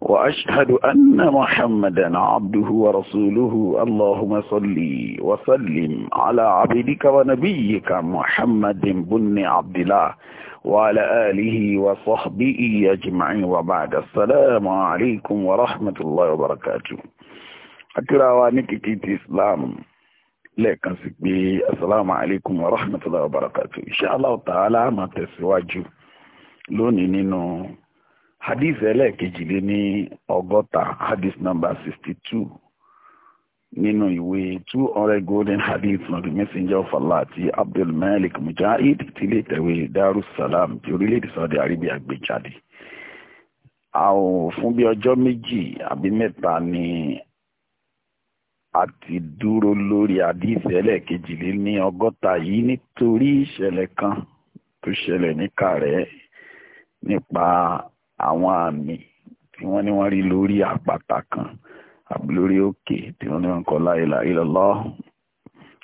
وأشهد أن محمدا عبده ورسوله اللهم صل وسلم على عبدك ونبيك محمد بن عبد الله وعلى آله وصحبه أجمعين وبعد السلام عليكم ورحمة الله وبركاته وانك كتيت إسلام لكن سكبي السلام عليكم ورحمة الله وبركاته إن شاء الله تعالى ما تسواجه لوني نينو hadith ẹlẹ́ẹ̀kejì lé ní ọgọ́ta hadith number sixty two nínú ìwé two hundred golden hadith from the messenger of allah ti abdul malik mujahid ti ilé ìtẹ̀wé darussalam ti orílẹ̀-èdè saudi arabia gbé jáde àwọn fún bí ọjọ́ méjì àbí mẹ́ta ni a ti dúró lórí hadith ẹlẹ́ẹ̀kejì lé ní ọgọ́ta yìí nítorí ìṣẹ̀lẹ̀ kan tó ṣẹlẹ̀ ní kàrẹ́ nípa àwọn àmì tí wọ́n ní wọ́n rí lórí àpáta kan lórí òkè tí wọ́n ní wọ́n kọ la ilaha illallah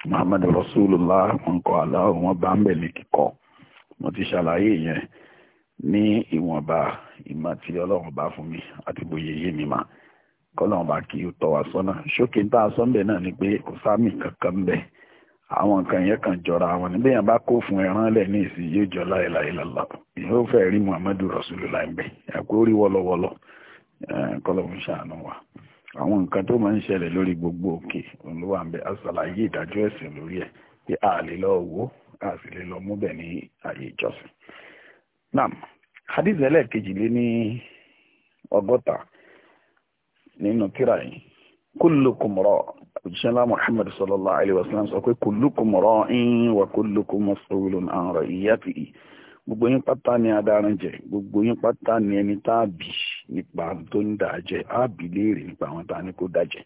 muhammad rasulullah wọ́n kọ aláwọ̀ wọ́n bá ń bẹ̀ ní kíkọ́ mo ti ṣàlàyé yẹn ní ìwọ̀nba ìmọ̀ tí ọlọ́run bá fún mi àti bóyá yé mi mà kọ́lọ́run bá kí ó tọ́ wa sọ́nà ṣókè tá a sọ́nbẹ̀ náà ni pé kò sáàmì kankan ń àwọn nǹkan yẹn kàn jọra àwọn níbẹ̀ yẹn bá kó fún ẹran lẹ̀ ní ìsìn yóò jọ láìla ìlàlá yóò muhammadu rasulullah ń bẹ̀ ẹ̀kọ́ orí wọlọwọlọ kọ́lọ́mù ṣàánú wa àwọn nǹkan tó máa ń ṣẹlẹ̀ lórí gbogbo òkè olúwa ń bẹ asàlàyé ìdájọ́ ẹ̀sìn lórí ẹ̀ pé a lè lọ wo a sì lè lọ kullukum ra' òjíṣẹ́ ńlá muhammad sallallahu alayhi wa sallam sọ pé kullukum ra'in wa kullukum mas'ulun an ra'iyyatihi gbogbo yín pátá ni adarin jẹ gbogbo yín pátá ni ẹni tá a bì nípa tó ń dà jẹ á bì léèrè nípa àwọn tá a ní kó dà jẹ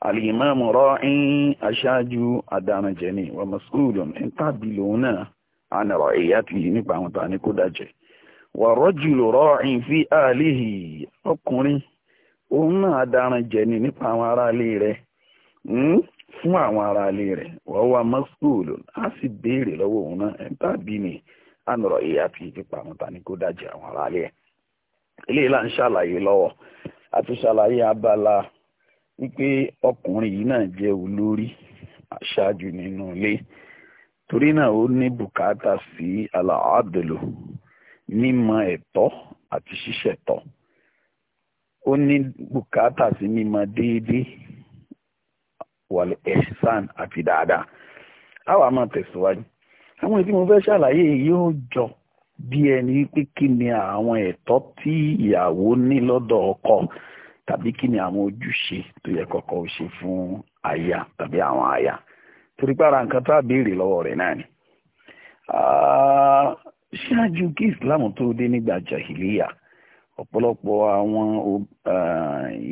alimamu ra'in aṣáájú adarin jẹ ni wa mas'ulun ẹni tá a bì lòun náà an ra'iyyatihi nípa àwọn tá a ní kó dà jẹ wa rajulu ra'in fi ahlihi ọkùnrin òun náà daran jẹ ni nípa àwọn aráalé rẹ̀ hmm? fún àwọn aráalé rẹ̀ wọ́n wá mọ́sùlù a sì béèrè lọ́wọ́ òun náà ẹ̀ tàbí ni ànàrọ̀ èyí àti ìfipá àwọn tani kó dájẹ́ àwọn aráalé ẹ̀ eléyìí là ń ṣàlàyé abala wípé ọkùnrin yìí náà jẹ́ olórí aṣáájú nínú ilé torí náà ó ní bùkátà sí ó ní bùkátà sí mímọ déédéé wàlẹ̀ ẹ̀sán àti dáadáa àwa máa tẹ̀síwájú àwọn èyí mo fẹ́ ṣàlàyé yóò jọ bí ẹni pé kí ni àwọn ẹ̀tọ́ tí ìyàwó ní lọ́dọ̀ ọkọ tàbí kí ni àwọn ojúṣe tó yẹ kọ́kọ́ ó ṣe fún aya tàbí àwọn aya torí pé ara nǹkan tá a béèrè lọ́wọ́ rẹ̀ náà ni ṣáájú kí Islam tó dé nígbà jahiliya ọ̀pọ̀lọpọ̀ àwọn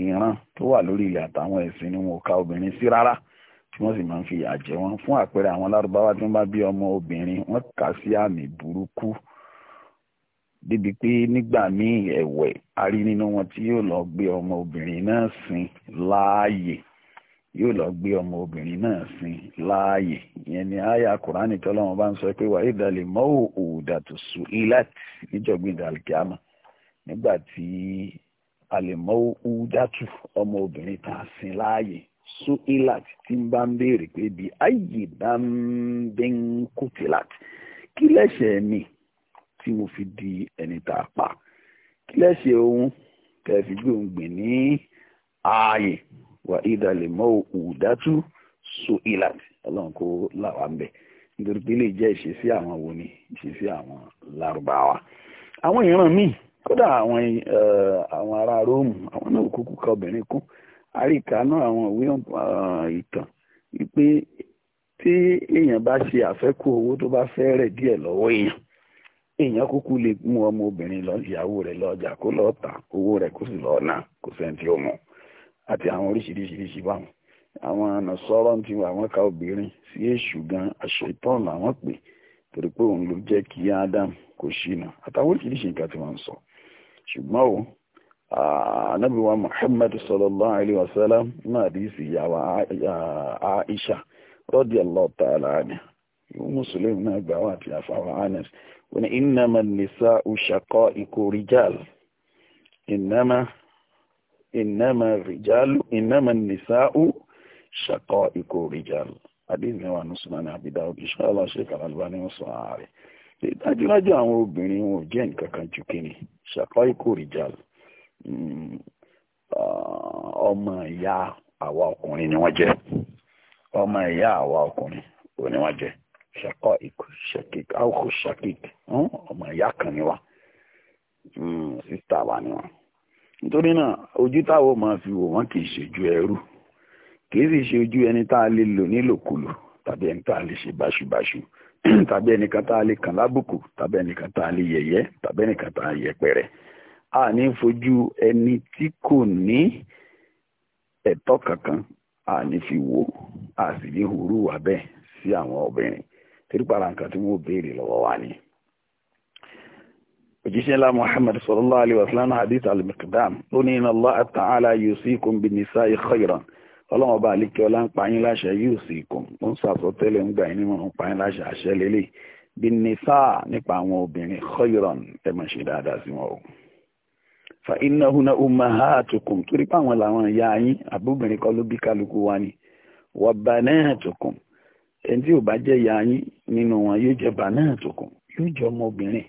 ìran tó wà lórí ilẹ̀ àtàwọn ẹ̀sìn ni wọn ò ka obìnrin sí rárá tí wọ́n sì máa ń fi àjẹ́ wọn fún àpẹẹrẹ àwọn lárúbáwá tí wọ́n bá bí ọmọ obìnrin wọ́n kà sí àmì burúkú débi pé nígbà míì ẹ̀wẹ̀ a rí nínú wọn tí yóò lọ gbé ọmọ obìnrin náà sin láàyè yóò lọ gbé ọmọ obìnrin náà sin láàyè ìyẹn ni àyà kùránì tọ́lọ́wọ́n bá ń sọ pé wàá ìdàlẹ̀ mọ́ òòdà tó sùn ilẹ̀ níjọ́gbìn ìdàlẹ̀ kíámà nígbà tí àlèmọ́ udatu ọmọbìnrin tá a sin láàyè suilat tí ń bá ń béèrè pé bí ayé bá ń bẹ ń kùtìlat kí lẹ́sẹ̀ mi tí mo fi di ẹni tá a pa kí lẹ́sẹ̀ ohun tẹ̀ fi gbòǹgbìn ní ààyè wà ìdàlèmọ́ udatu suilat ọlọ́run kó làwa ń bẹ̀ nítorí pé lè jẹ́ ìṣesí àwọn wo ni ìṣesí àwọn lárúbáwá àwọn ìran míì kódà àwọn eh, àwọn ará róòmù àwọn náà kúkú ka obìnrin kún àríkàánú àwọn ìwé eh, ìtàn wípé tí èèyàn bá ṣe àfẹ́kù owó tó bá fẹ́ rẹ̀ díẹ̀ lọ́wọ́ èèyàn èèyàn kúkú lè mú ọmọ obìnrin lọ ìyàwó rẹ̀ lọ́jà kó lọ́ọ́ ta owó rẹ̀ kó sì lọ́ọ́ ná kò sẹ́ni tí àti àwọn oríṣiríṣiríṣi báwọn àwọn ànàsọ́rọ́ ti wà wọ́n ka obìnrin sí èṣù gan aṣọ ìtọ́nù àwọn pè torí pé òun ló jẹ́ kí Ádámù kò ṣìnà àtàwọn oríṣiríṣi nǹkan tí wọ́n ń sọ ṣùgbọ́n o anabiwa muhammad sallallahu alayhi wa sallam náà di sí ìyàwó aisha radiyallahu ta'ala anha muslim náà gbà wà àti àfàwọn anas wọn innama nisa'u shaqa'iqu rijal innama innama rijalu innama nisa'u shaqa'iqu rijal adéhùn ẹwà nùsùlùmí àbídáwò insha Allah Sheikh Al-Albani wọn sọ dájúdájú àwọn obìnrin wọn ò jẹ́ nǹkan kan ju kíni ṣàkọ́ ikú rìjàl hmm, ah, ọmọ ìyá àwa ọkùnrin ni wọ́n jẹ́ ọmọ ìyá àwa ọkùnrin ò wọ́n jẹ́ ṣàkọ́ ikú ṣàkík áwòkù ṣàkík hmm, ọmọ ìyá kan ni wá hmm, sísítà wa ni wá nítorí náà ojú táwọn máa fi wò wọ́n kì í ṣojú ẹrú kì í sì ṣe ojú ẹni tá a lè lò nílòkulò tàbí ẹni tá a lè ṣe báṣubàṣu. tàbí ẹnìkan tá a lè kàn lábùkù tàbí ẹnìkan tá a lè yẹ̀yẹ́ tàbí ẹnìkan tá a yẹpẹrẹ a ní fojú ẹni tí kò ní ẹ̀tọ́ kankan a ní fi wò a sì ní hurú wà bẹ́ẹ̀ sí àwọn obìnrin tìrìpàrà nǹkan tí wọ́n béèrè lọ́wọ́ wa ni. òjíṣẹ́ ńlá Muhammad sallallahu alayhi wa sallam hadith al-miqdam lónìí iná Allah ta'ala yusikum bin nisa'i khayran ọlọ́run ọba àlékè ọlá ń pa yín láṣẹ yóò sì kàn ó ń sàsọtẹ́lẹ̀ ń gbà yín nímọ̀ ń pa yín láṣẹ àṣẹ lélẹ̀ bí nìfà nípa àwọn obìnrin khayran ẹ máa ṣe dáadáa sí wọn o. fa innahunna ummahatukum torí pé àwọn làwọn ìyá yín àbúbìnrin kọ́ ló bí kálukú wa ni wa banatukum ẹni tí ò bá jẹ́ ìyá yín nínú wọn yóò jẹ́ banatukum yóò jẹ́ ọmọbìnrin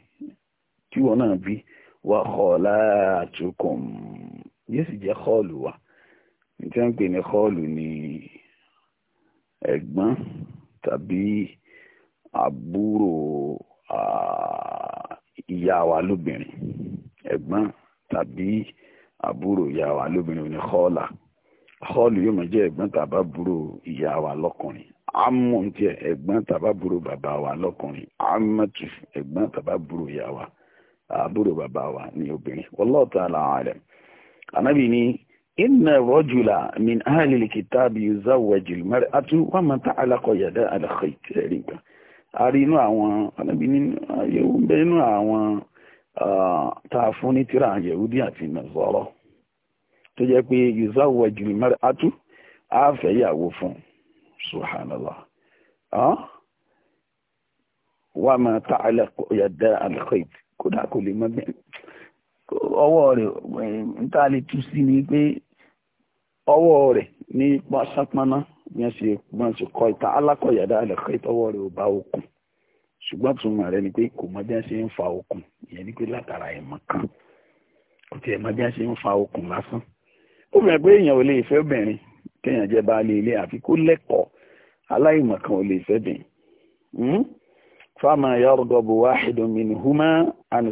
tí wọn náà bí wa khalatukum yóò sì jẹ́ kọ́ọ̀lù wa. tí wọ́n ń pè ní họ́ọ̀lù ní ẹ̀gbọ́n tàbí àbúrò ìyá wa lóbìnrin ẹ̀gbọ́n tàbí àbúrò ìyá wa lóbìnrin ní họ́ọ̀là họ́ọ̀lù yóò máa jẹ́ ẹ̀gbọ́n tàbá búrò ìyá wa lọ́kùnrin àmọ́ ẹ̀gbọ́n tàbá búrò bàbá wa lọ́kùnrin ẹ̀gbọ́n wa àbúrò bàbá wa ní obìnrin inna rọ́jùlá min ahalil kitabi yuzawwajul mar'atu wa man ta'alaqa yada ala khayt ẹ̀rí nǹkan a rí inú àwọn anábì nínú ayéwu ń bẹ inú àwọn tá a fún ní tíra yahudi àti nàzọ́rọ́ tó jẹ́ pé yuzawwajul mar'atu á fẹ́ yàwó fún subhanallah wa man ta'alaqa yada ala khayt kódà kò lè mọ bẹ́ẹ̀. ọwọ́ rẹ̀ eh, níta lè tú sí ni pé ọwọ́ rẹ̀ ní pásápáná bí wọ́n ṣe ṣe kọ́ ìta alákọ̀yàdá àlẹ́kọ́ rẹ̀ ò bá okùn ṣùgbọ́n rẹ̀ ni pé kò mọ bí wọ́n fa okùn ìyẹn ni pé látara kan kò tiẹ̀ mọ bí wọ́n ṣe ń fa okùn lásán ó pé èèyàn ò lè fẹ́ kéèyàn jẹ́ baálé ilé àfi kó lẹ́kọ̀ọ́ aláìmọ̀ kan ò lè fẹ́ fáma wáhìdùn mìíràn àni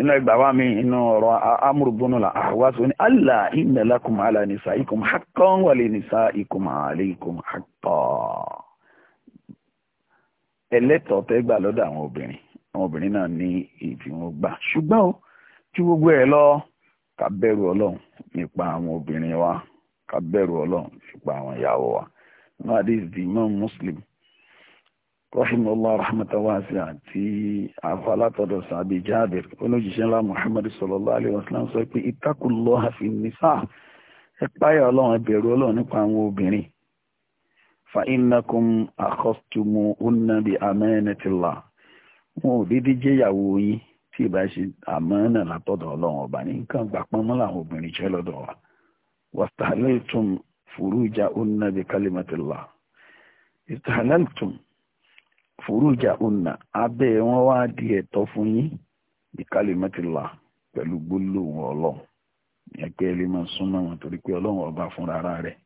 inú ẹgbà wá mi inú ọ̀rọ̀ amúrùbónú la àwa sọ ní allah inna lakum ala nisaikum haqqan wa li nisaikum alaykum haqqan ẹlẹ́tọ̀ọ́ tẹ́ gbà lọ́dọ̀ àwọn obìnrin àwọn obìnrin náà ní ìfi wọn gbà ṣùgbọ́n o tí gbogbo ẹ̀ lọ ká bẹ̀rù ọlọ́run nípa àwọn obìnrin wa ká bẹ̀rù ọlọ́run nípa àwọn ìyàwó wa nínú àdéhùn imam muslim rahimahullah rahmatan wasi'a àti àfọ alátọ̀dọ̀ sàbí jábìr oníjìṣẹ́ ńlá muhammad sallallahu alayhi wa sallam sọ pé ittaqullaha fin nisa ẹ páyà ọlọ́run ẹ bẹ̀rù ọlọ́run nípa àwọn obìnrin fa innakum akhastumu unna bi amanatillah wọn ò dédé jẹ́yàwó yín tí ìbá ṣe àmánà látọ̀dọ̀ ọlọ́run ọba ní nǹkan gbà pọ́nmọ́ làwọn obìnrin jẹ́ lọ́dọ̀ wa wastahalaltum furuja unna bi kalimatillah istahalaltum furuja una abẹ́ wọn wá di ẹtọ fún yín ìkálẹ̀mẹ́tìlá pẹ̀lú gbólóhùn ọlọ́run ìyẹn pé máa wọn torí pé ọba fúnra ara rẹ̀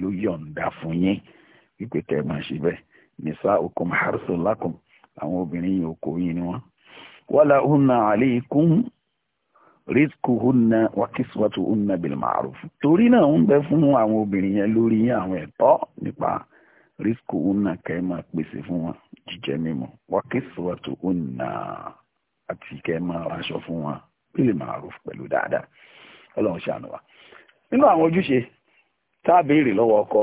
ló yọ̀ǹda fún yín wípé kẹ́ ẹ máa ṣe bẹ́ẹ̀ nìṣá okùn harsun lakum àwọn obìnrin wala torí náà ń bẹ fún àwọn obìnrin yẹn lórí àwọn rísíkù ònà kẹ́ máa pèsè fún wọn jíjẹ mímu wákìsíwàtò ònà àti kẹ́ máa raṣọ fún wọn bílè màrúf pẹ̀lú dáadáa ọlọ́run ṣàánú wa nínú àwọn ojúṣe tá a béèrè lọ́wọ́ ọkọ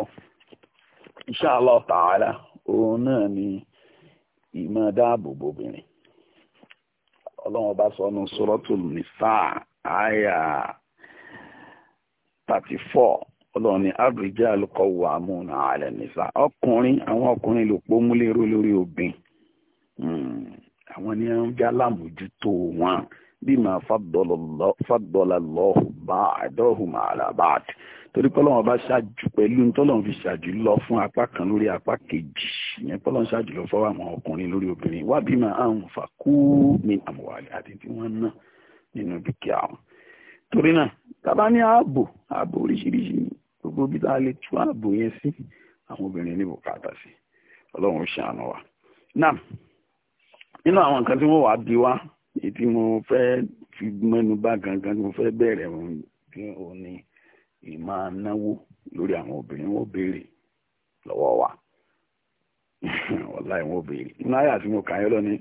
inshallah ta'ala òun náà ni ìmọ̀ dáàbòbò obìnrin ọlọ́run bá sọ nù suratul nisa àyà thirty four. ọlọ́run ni abirija wà múna alẹ́ nìsa ọkùnrin àwọn ọkùnrin ló lórí obìn hmm, àwọn ni wọ́n já wọn bí fàdọ́là lọ́hùn bá àdọ́hùn torí bá ṣáájú pẹ̀lú fi lọ fún apá kan lórí apá kejì ìyẹn pọ́lọ́wọ́n ṣáájú lọ fọwọ́ àwọn ọkùnrin lórí obìnrin wá bí màá àwọn fàkú mi àmọ̀wálẹ̀ àti tí wọ́n ná nínú dúkìá wọn torí náà tábà ní gbogbo bí tá a lè tú ààbò yẹn sí àwọn obìnrin ní bùkátà sí ọlọ́run ó ṣàánú wa. náà nínú àwọn nǹkan tí wọ́n wàá bí wá èyí tí mo fẹ́ fi mẹ́nu bà gangan tí mo fẹ́ bẹ̀rẹ̀ òun ni ìmọ̀ náwó lórí àwọn obìnrin wọn béèrè lọ́wọ́ wa wàláì wọn béèrè nínú àyà tí mo kà yọ lọ ni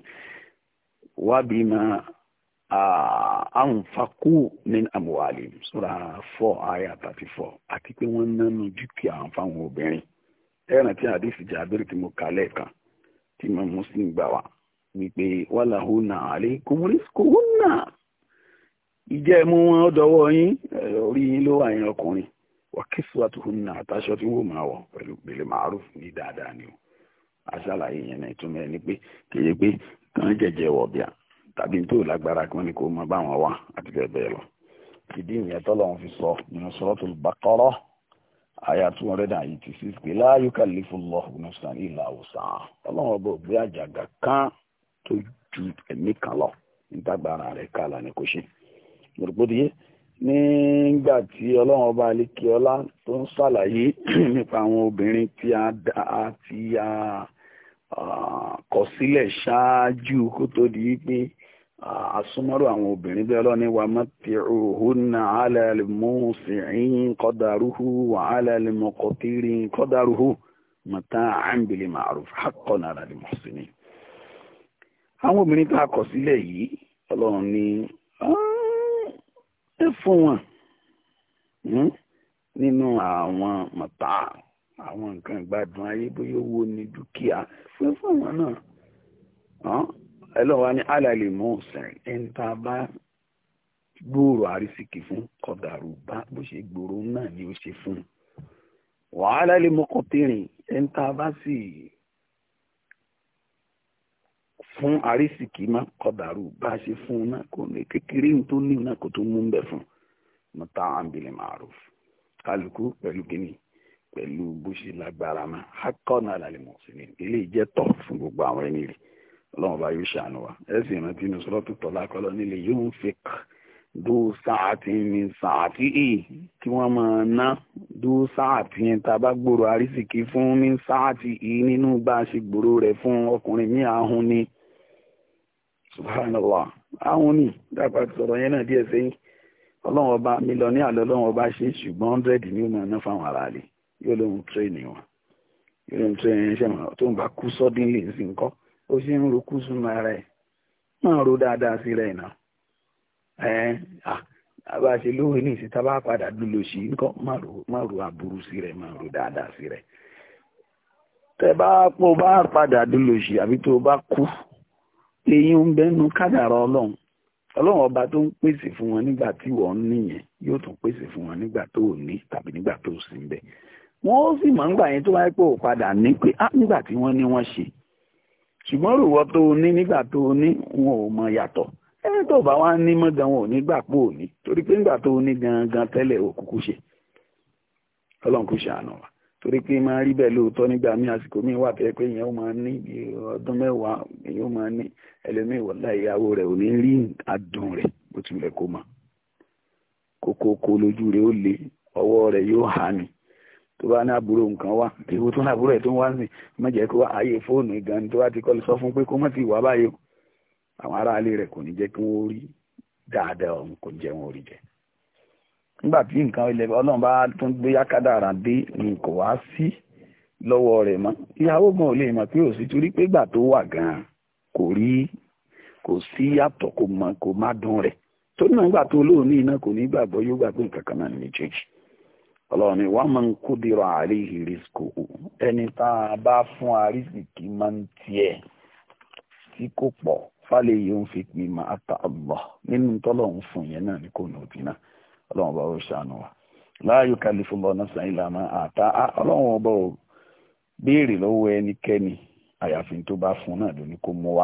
wábìí máa. anfaku min amuwalim sura 4 aya 34 a àti pé wọ́n nánu dúkìá fáwọn obìnrin ẹran tí àdìsí jábìrì tí mo kà lẹ́ẹ̀kan tí mo muslim gbà wá wípé ale húnà alaykum rizquhunna ìjẹ́mu wọn ó dọwọ́ orí yín ló wà yín ọkùnrin wà àtàṣọ tí máa ni o yẹn ni pé kéye pé kàn jẹjẹ tàbí tó lágbára kan ni kò mọ báwọn wà àti bẹ́ẹ̀ bẹ́ẹ̀ lọ ìdí ìyẹn tọ́lọ́run fi sọ nínú Suratul Baqara àyà two hundred and eighty six pé la yukallifullahu nafsan illa wus'aha ọlọ́run ọba ògbé àjàgà kan tó ju ẹ̀mí kan lọ nítagbára rẹ̀ kààlà ni kò ṣe lórúkọdìyẹ nígbà tí ọlọ́run ọba alékeọlá tó ń ṣàlàyé nípa àwọn obìnrin tí a dá tí a. kọsílẹ̀ ṣáájú kó tó di pé asúmọ́rò àwọn obìnrin bẹ́ẹ̀ lọ́ni wa matti'uhunna 'ala al-musi'in qadaruhu wa 'ala al-muqtirin qadaruhu mata'an bil ma'ruf haqqan 'ala al-muhsinin. àwọn obìnrin tá a kọ̀ sílẹ̀ yìí ọlọ́run ni ẹ fún wọn hm, nínú àwọn mọ̀tà àwọn nǹkan ìgbádùn ayé bóyá owó ni dúkìá fún fún àwọn náà ẹlọ́wà ní alàlè mọ́ sẹ́rìn ẹni tá a bá gbòòrò àrísìkì fún kọ̀dàrú bá bó ṣe gbòòrò náà ni ó ṣe fún wàhálà lè mọ́kọ̀tẹ́rìn ẹni tá a bá sì fún àrísìkì má kọ̀dàrú bá ṣe fún náà kò ní kékeré tó ní náà kò tó mú ń bẹ̀ fún mọ́tà àǹbìlẹ̀ màrúf kálukú pẹ̀lú kínní pẹ̀lú bó ṣe lágbára mọ́ akọ́nà àlàlẹ́ mọ̀sílẹ̀ ilé ìjẹ́ tọ̀ fún gbogbo àwọn ẹni rẹ̀ ọlọ́run bá yóò ṣàánú wa ẹ̀sìn ìrántí inú sọ́lọ́tù tọ́lá kọ́lọ́ nílé yóò fi dú sáàtì ní sáàtì yìí kí wọ́n máa ná dú sáàtì yẹn tá a bá gbòòrò àrísìkí fún ní sáàtì yìí nínú bá a ṣe gbòòrò rẹ̀ fún ọkùnrin ní ahun ni subhanallah ahun ni dápá sọ̀rọ̀ yẹn náà díẹ̀ sẹ́yìn ọlọ́run ọba mílíọ̀nì àlọ́ ọlọ́run ọba ṣe ṣùgbọ́n hundred ni ó máa ná fáwọn aráàlú yóò lóun tírénì wọn yóò lóun tírénì yẹn ṣẹ̀mọ̀ tó ń bá kú sọ́dín lè sí nǹkan ó ṣe ń rokú sún ara ẹ̀ máa ro dáadáa sí ní ìsìn tábà padà dúró sí nǹkan ro aburú sí ro dáadáa sí àbí tó bá kú èyí ń bẹnu ọlọrun ọlọrun ọba tó ń pèsè fún wọn nígbà tí ń yóò tún pèsè fún wọn nígbà tó tàbí nígbà tó ò sí ń wọ́n sì máa ń gbà yẹn tó wáyé pé ò padà ní pé á ah, nígbà tí wọ́n ní wọ́n ṣe ṣùgbọ́n rúwọ́ tó ní nígbà tó ní wọn ò mọ yàtọ̀ ẹni tó bá wá ní mọ́ gan wọn ò ní gbà pò ní torí pé nígbà tó ní gangan tẹ́lẹ̀ ò kúkú ṣe ọlọ́run kò ṣàánú wa torí pé máa rí bẹ́ẹ̀ lóòótọ́ nígbà mí àsìkò mi wà tẹ́ pé ìyẹn ó máa ní bí ọdún mẹ́wàá ìyẹn ó máa ní ẹlòmíì wọ̀lá ìyàwó rẹ̀ ò ní rí adùn rẹ̀ bó tilẹ̀ kó mọ̀ kókó kó lójú rẹ̀ ó le ọwọ́ rẹ̀ yóò hà ní tó bá ní àbúrò nǹkan wá èwo tó ní àbúrò ẹ̀ tó ń wá sí má kó ààyè fóònù gan ni tó bá ti kọ́ lọ sọ fún pé kó má ti wá báyìí o àwọn aráalé rẹ̀ kò ní jẹ́ kí wọ́n rí dáadáa ọ̀hún kò ní jẹ́ wọn ò rí jẹ nígbà tí nǹkan ilẹ̀ ọlọ́run bá tún gbé yákàdàrà dé ni kò wá sí lọ́wọ́ rẹ̀ mọ́ ìyàwó gan ò lè mọ̀ pé ò sí torí pé gbà tó wà gan kò rí kò sí yàtọ̀ kò má dùn rẹ̀ torí náà gbà tó olóòní iná kò ní gbàgbọ́ yóò gbà pé nǹkan kan náà ní méjèèjì ọlọ́run ni wọ́n máa ń kú dìrọ̀ àríhì ẹni tá a bá fún àrísìkì máa ń tiẹ̀ tí kò pọ̀ fálẹ̀ yìí ń fi pin máa ta ọ̀bọ̀ nínú tọ́lọ́run fún yẹn náà ní kò náà ọlọ́run bá ṣàánú wa láàyò náà sàn àtà ọlọ́run ọba ò béèrè lọ́wọ́ ẹnikẹ́ni àyàfi tó bá fún náà lóní kó mú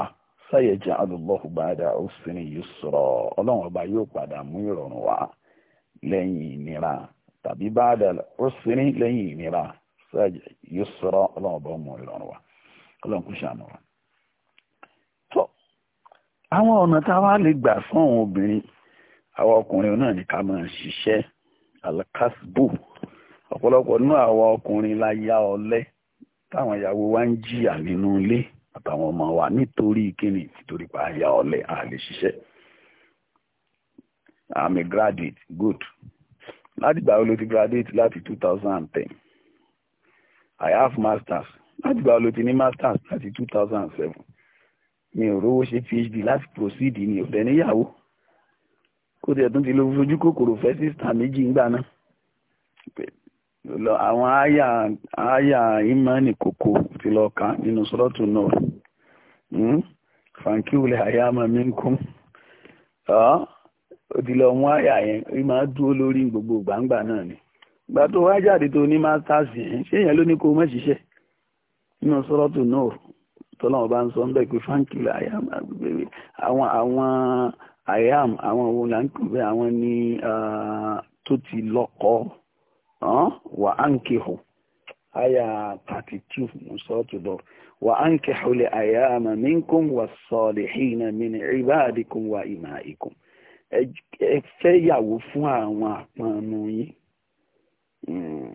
wa tàbí ba'da usri lẹ́yìn ìnira sáàjì yusra ọlọ́run bá mú ìrọ̀rùn wa ọlọ́run kú ṣàánú wa. tó àwọn ọ̀nà tá a wá lè gbà fún àwọn obìnrin àwọn ọkùnrin náà ní ká máa ṣiṣẹ́ alakasbu ọ̀pọ̀lọpọ̀ nínú àwọn ọkùnrin la ya ọ̀lẹ táwọn ìyàwó wa ń jìyà nínú ilé àtàwọn ọmọ wa nítorí kíni nítorí pa ya ọ̀lẹ a lè ṣiṣẹ́ i'm a graduate good láti ìgbà wo ló ti graduate láti two thousand and ten i have masters láti ìgbà wo ló ti ní masters láti two thousand and seven mi ò rówó ṣe phd láti proceed ni ò dẹ̀ níyàwó kó tiẹ̀ tún ti lo fojú kòkòrò fẹ́ sísítà méjì ńgbà náà lọ àwọn àyà àyà ìmánì kòkó ti lọ kàn nínú sọ́dọ̀tù náà fàǹkì wulẹ̀ àyà máa mi ń kún. òdìlọ wọn àyà yẹn rí máa dúró lórí gbogbo gbangba náà ni ìgbà tó wá jáde tó ní masters yẹn ṣé ló ní kó mọ̀ ṣiṣẹ́ nínú sọ́rọ́tù náà tọ́lọ́wọ́ bá ń sọ ń bẹ́ẹ̀ pé fáńkìlà àyàm àwọn àwọn àyàm àwọn òun là ń bẹ́ẹ̀ àwọn tó ti wà á ń àyà thirty two wà á ń àyàm ẹ fẹ́yàwó fún àwọn àpọnnu yín hmm.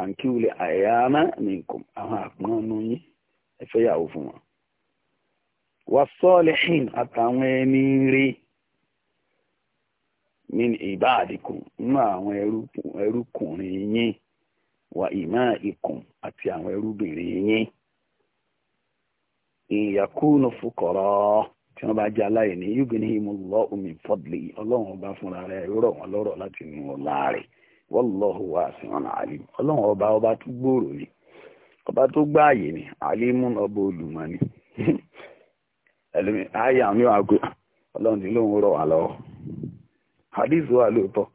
àǹkíwulẹ̀ àyàmá nìkan àwọn àpọnnu yín ẹ fún wọn. wasọ́ọ̀lẹ́hìn àtàwọn ẹni rí ní ìbáàdìkùn nínú àwọn ẹrúkùnrin yín wà ìmọ̀ ikùn àti àwọn ẹrúbìnrin yín ìyàkúnú fúkọ̀rọ̀. tí wọ́n bá jẹ́ aláìní ụlọ omi fadlihi ọlọ́run ọba fúnra rẹ̀ rọ̀ wọ́n lọ́rọ̀ láti nù ọ̀la rẹ̀ wallahu wasi'un alim ọlọ́run ọba ọba tó gbòòrò ni ọba tó gbáàyè ni ọba olùmọ̀ ni ẹlẹ́mi ayé àmì àgbẹ̀ ọlọ́run ti lóun rọ̀ wá lọ́wọ́ wa lóòótọ́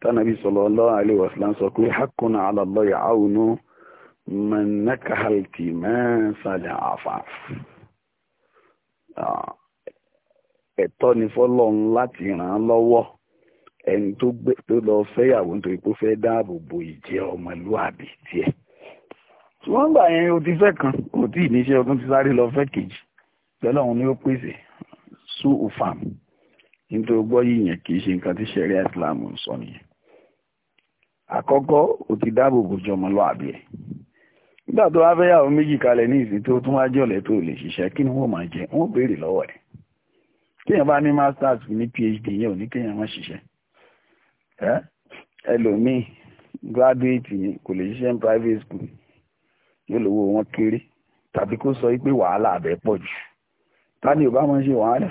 tánàbí sọ ẹ̀tọ́ ni fọlọ́run láti ràn án lọ́wọ́ ẹni tó gbé tó lọ fẹ́yàwó nítorí pé ó fẹ́ dáàbò bo ìjẹ́ ọmọlúwàbí tiẹ̀ wọ́n gbà yẹn o ti fẹ́ kan o tí níṣẹ́ ọdún ti sáré lọ fẹ́ kejì ni pèsè ufam nítorí gbọ́ yìnyẹn kì í ṣe nǹkan tí Islam ń sọ nìyẹn o ti dáàbò bo ẹ̀ nígbà tó wá fẹ́yàwó méjì kalẹ̀ ní ìsìn tó tún wá jọ̀lẹ̀ tó lè ṣiṣẹ́ kí ni wọ́n máa jẹ kéèyàn bá ní masters ní phd yẹn ò ní kéèyàn má ṣiṣẹ́ ẹlòmíì graduate yẹn kò lè ṣiṣẹ́ ní private school yóò lówó wọn kéré tàbí kó sọ pé wàhálà abẹ pọ̀ jù tani ò bá wọn ṣe wàhálà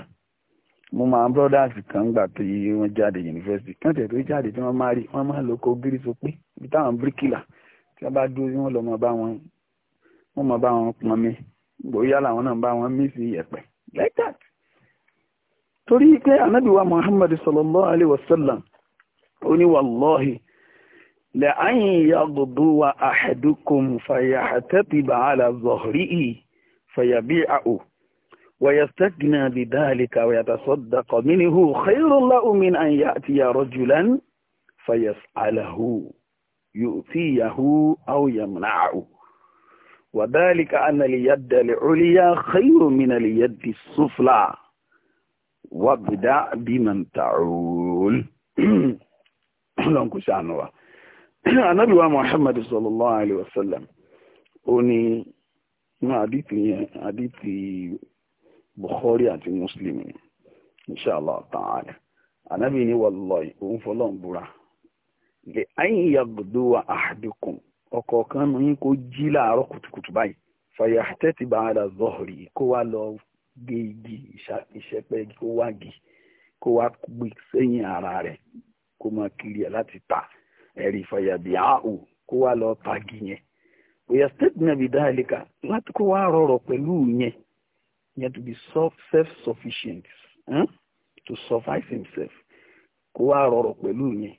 mo máa ń brothers kan gbà tó yẹ wọn jáde yunifásitì kan tẹ̀ tó jáde tí wọ́n máa rí wọ́n máa lọ kó gírí so pé ibi táwọn bíríkìlà tí wọ́n bá dúró wọ́n lọ mọ bá wọn wọ́n mọ bá wọn pọn mi bóyá làwọn náà bá wọn mí sí yẹ̀pẹ̀ like that torí pé anábìwá muhammad sallallahu alaihi wasallam ó ní wàlọ́hì lẹ́yìn yàgòdó wa ahadukum fàyàtẹ́tìbà àlà zọ̀rí ì fàyàbí àò wàyàtẹ́gìnà bìdáàlìkà wàyàtàsọ́dàkọ̀ mínihù khairun lahu min an ya rajulan fàyàsàlàhù yamna'u yòtíyàhù àwòyàmùnáàwò wàdáàlìkà ànàlìyàdàlì ọlíyà khairun mínàlìyàdì sufla wábìdá bímọ̀ntàrún lọ́nkùsà ànúwà anábìwá muhammad sallallahu alayhi wa sallam ó ní inú àdìtì yẹn àdìtì bukhari àti muslim inṣàlá ta'ala anábì ní wallahi òun fọlọ́n búra lè ayin yàgùdó ahadukum ọkọ̀ọ̀kan ní kó jí láàárọ̀ kùtùkùtù báyìí fàyà tẹ́tì bá ara zọ́ọ̀rì kó wá gé igi ìṣẹ́pẹ́ igi kó wá igi kó wá gbé sẹ́yìn ara rẹ̀ kó máa kiri ẹ̀ láti ta ẹ̀rí ìfọyàbí àhù kó wá lọ tagi yẹn òyà state náà bí dáhàlíkà láti kó wá rọrọ̀ pẹ̀lú yẹn yẹn to be self-sufficient huh? Hm? to survive himself kó wá rọrọ̀ pẹ̀lú yẹn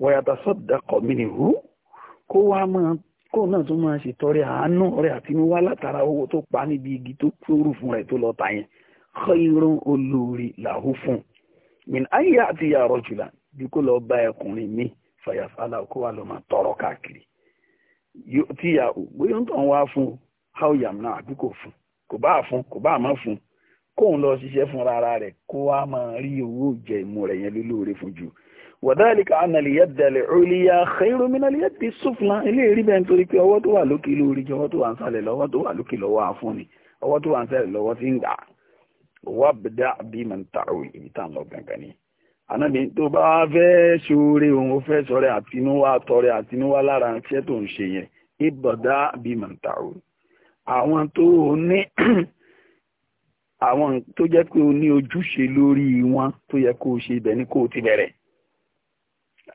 wọ́n yàtọ̀ sọ́dà kọ́mínì hù kó wá máa kóun náà tún máa ṣètọrẹ àánú ọ̀rẹ́ àtinúwá látara owó tó pa níbi igi tó kúrú fún rẹ̀ tó lọ tà yẹn khairun olórí làhú fún min ayé àti ya rajula bí kò lọ bá ẹkùnrin mi fàyàfàlà kó wà lọ máa tọrọ káàkiri tí ya ò bóyá ń tàn wá fún how yam náà àbí kò fún kò bá fún kò bá má fún kóun lọ ṣiṣẹ́ fún rárá rẹ̀ kó wá máa rí owó jẹ ìmú rẹ̀ yẹn lólóore fún ju wàdáàlìkà ànàlìyàdàlẹ̀ òlìyà xeyìrò mìnàlìyàdì sùfúnlá ilé rí bẹ́ẹ̀ nítorí pé ọwọ́ tó wà lókè lórí jẹ́ ọwọ́ tó wà ń sàlẹ̀ lọ́wọ́ tó wà lókè lọ́wọ́ àfúnni ọwọ́ tó wà ń sàlẹ̀ lọ́wọ́ ti ń gbà wà bìdá bí mà ń tàrò ibi tá à ń lọ gangan ni. ànábi tó bá fẹ́ ṣoore òun ó fẹ́ sọ̀rẹ́ àtinúwá tọrẹ àtinúwá lára iṣẹ́ tó ń ṣe yẹn ìbọ̀dá bí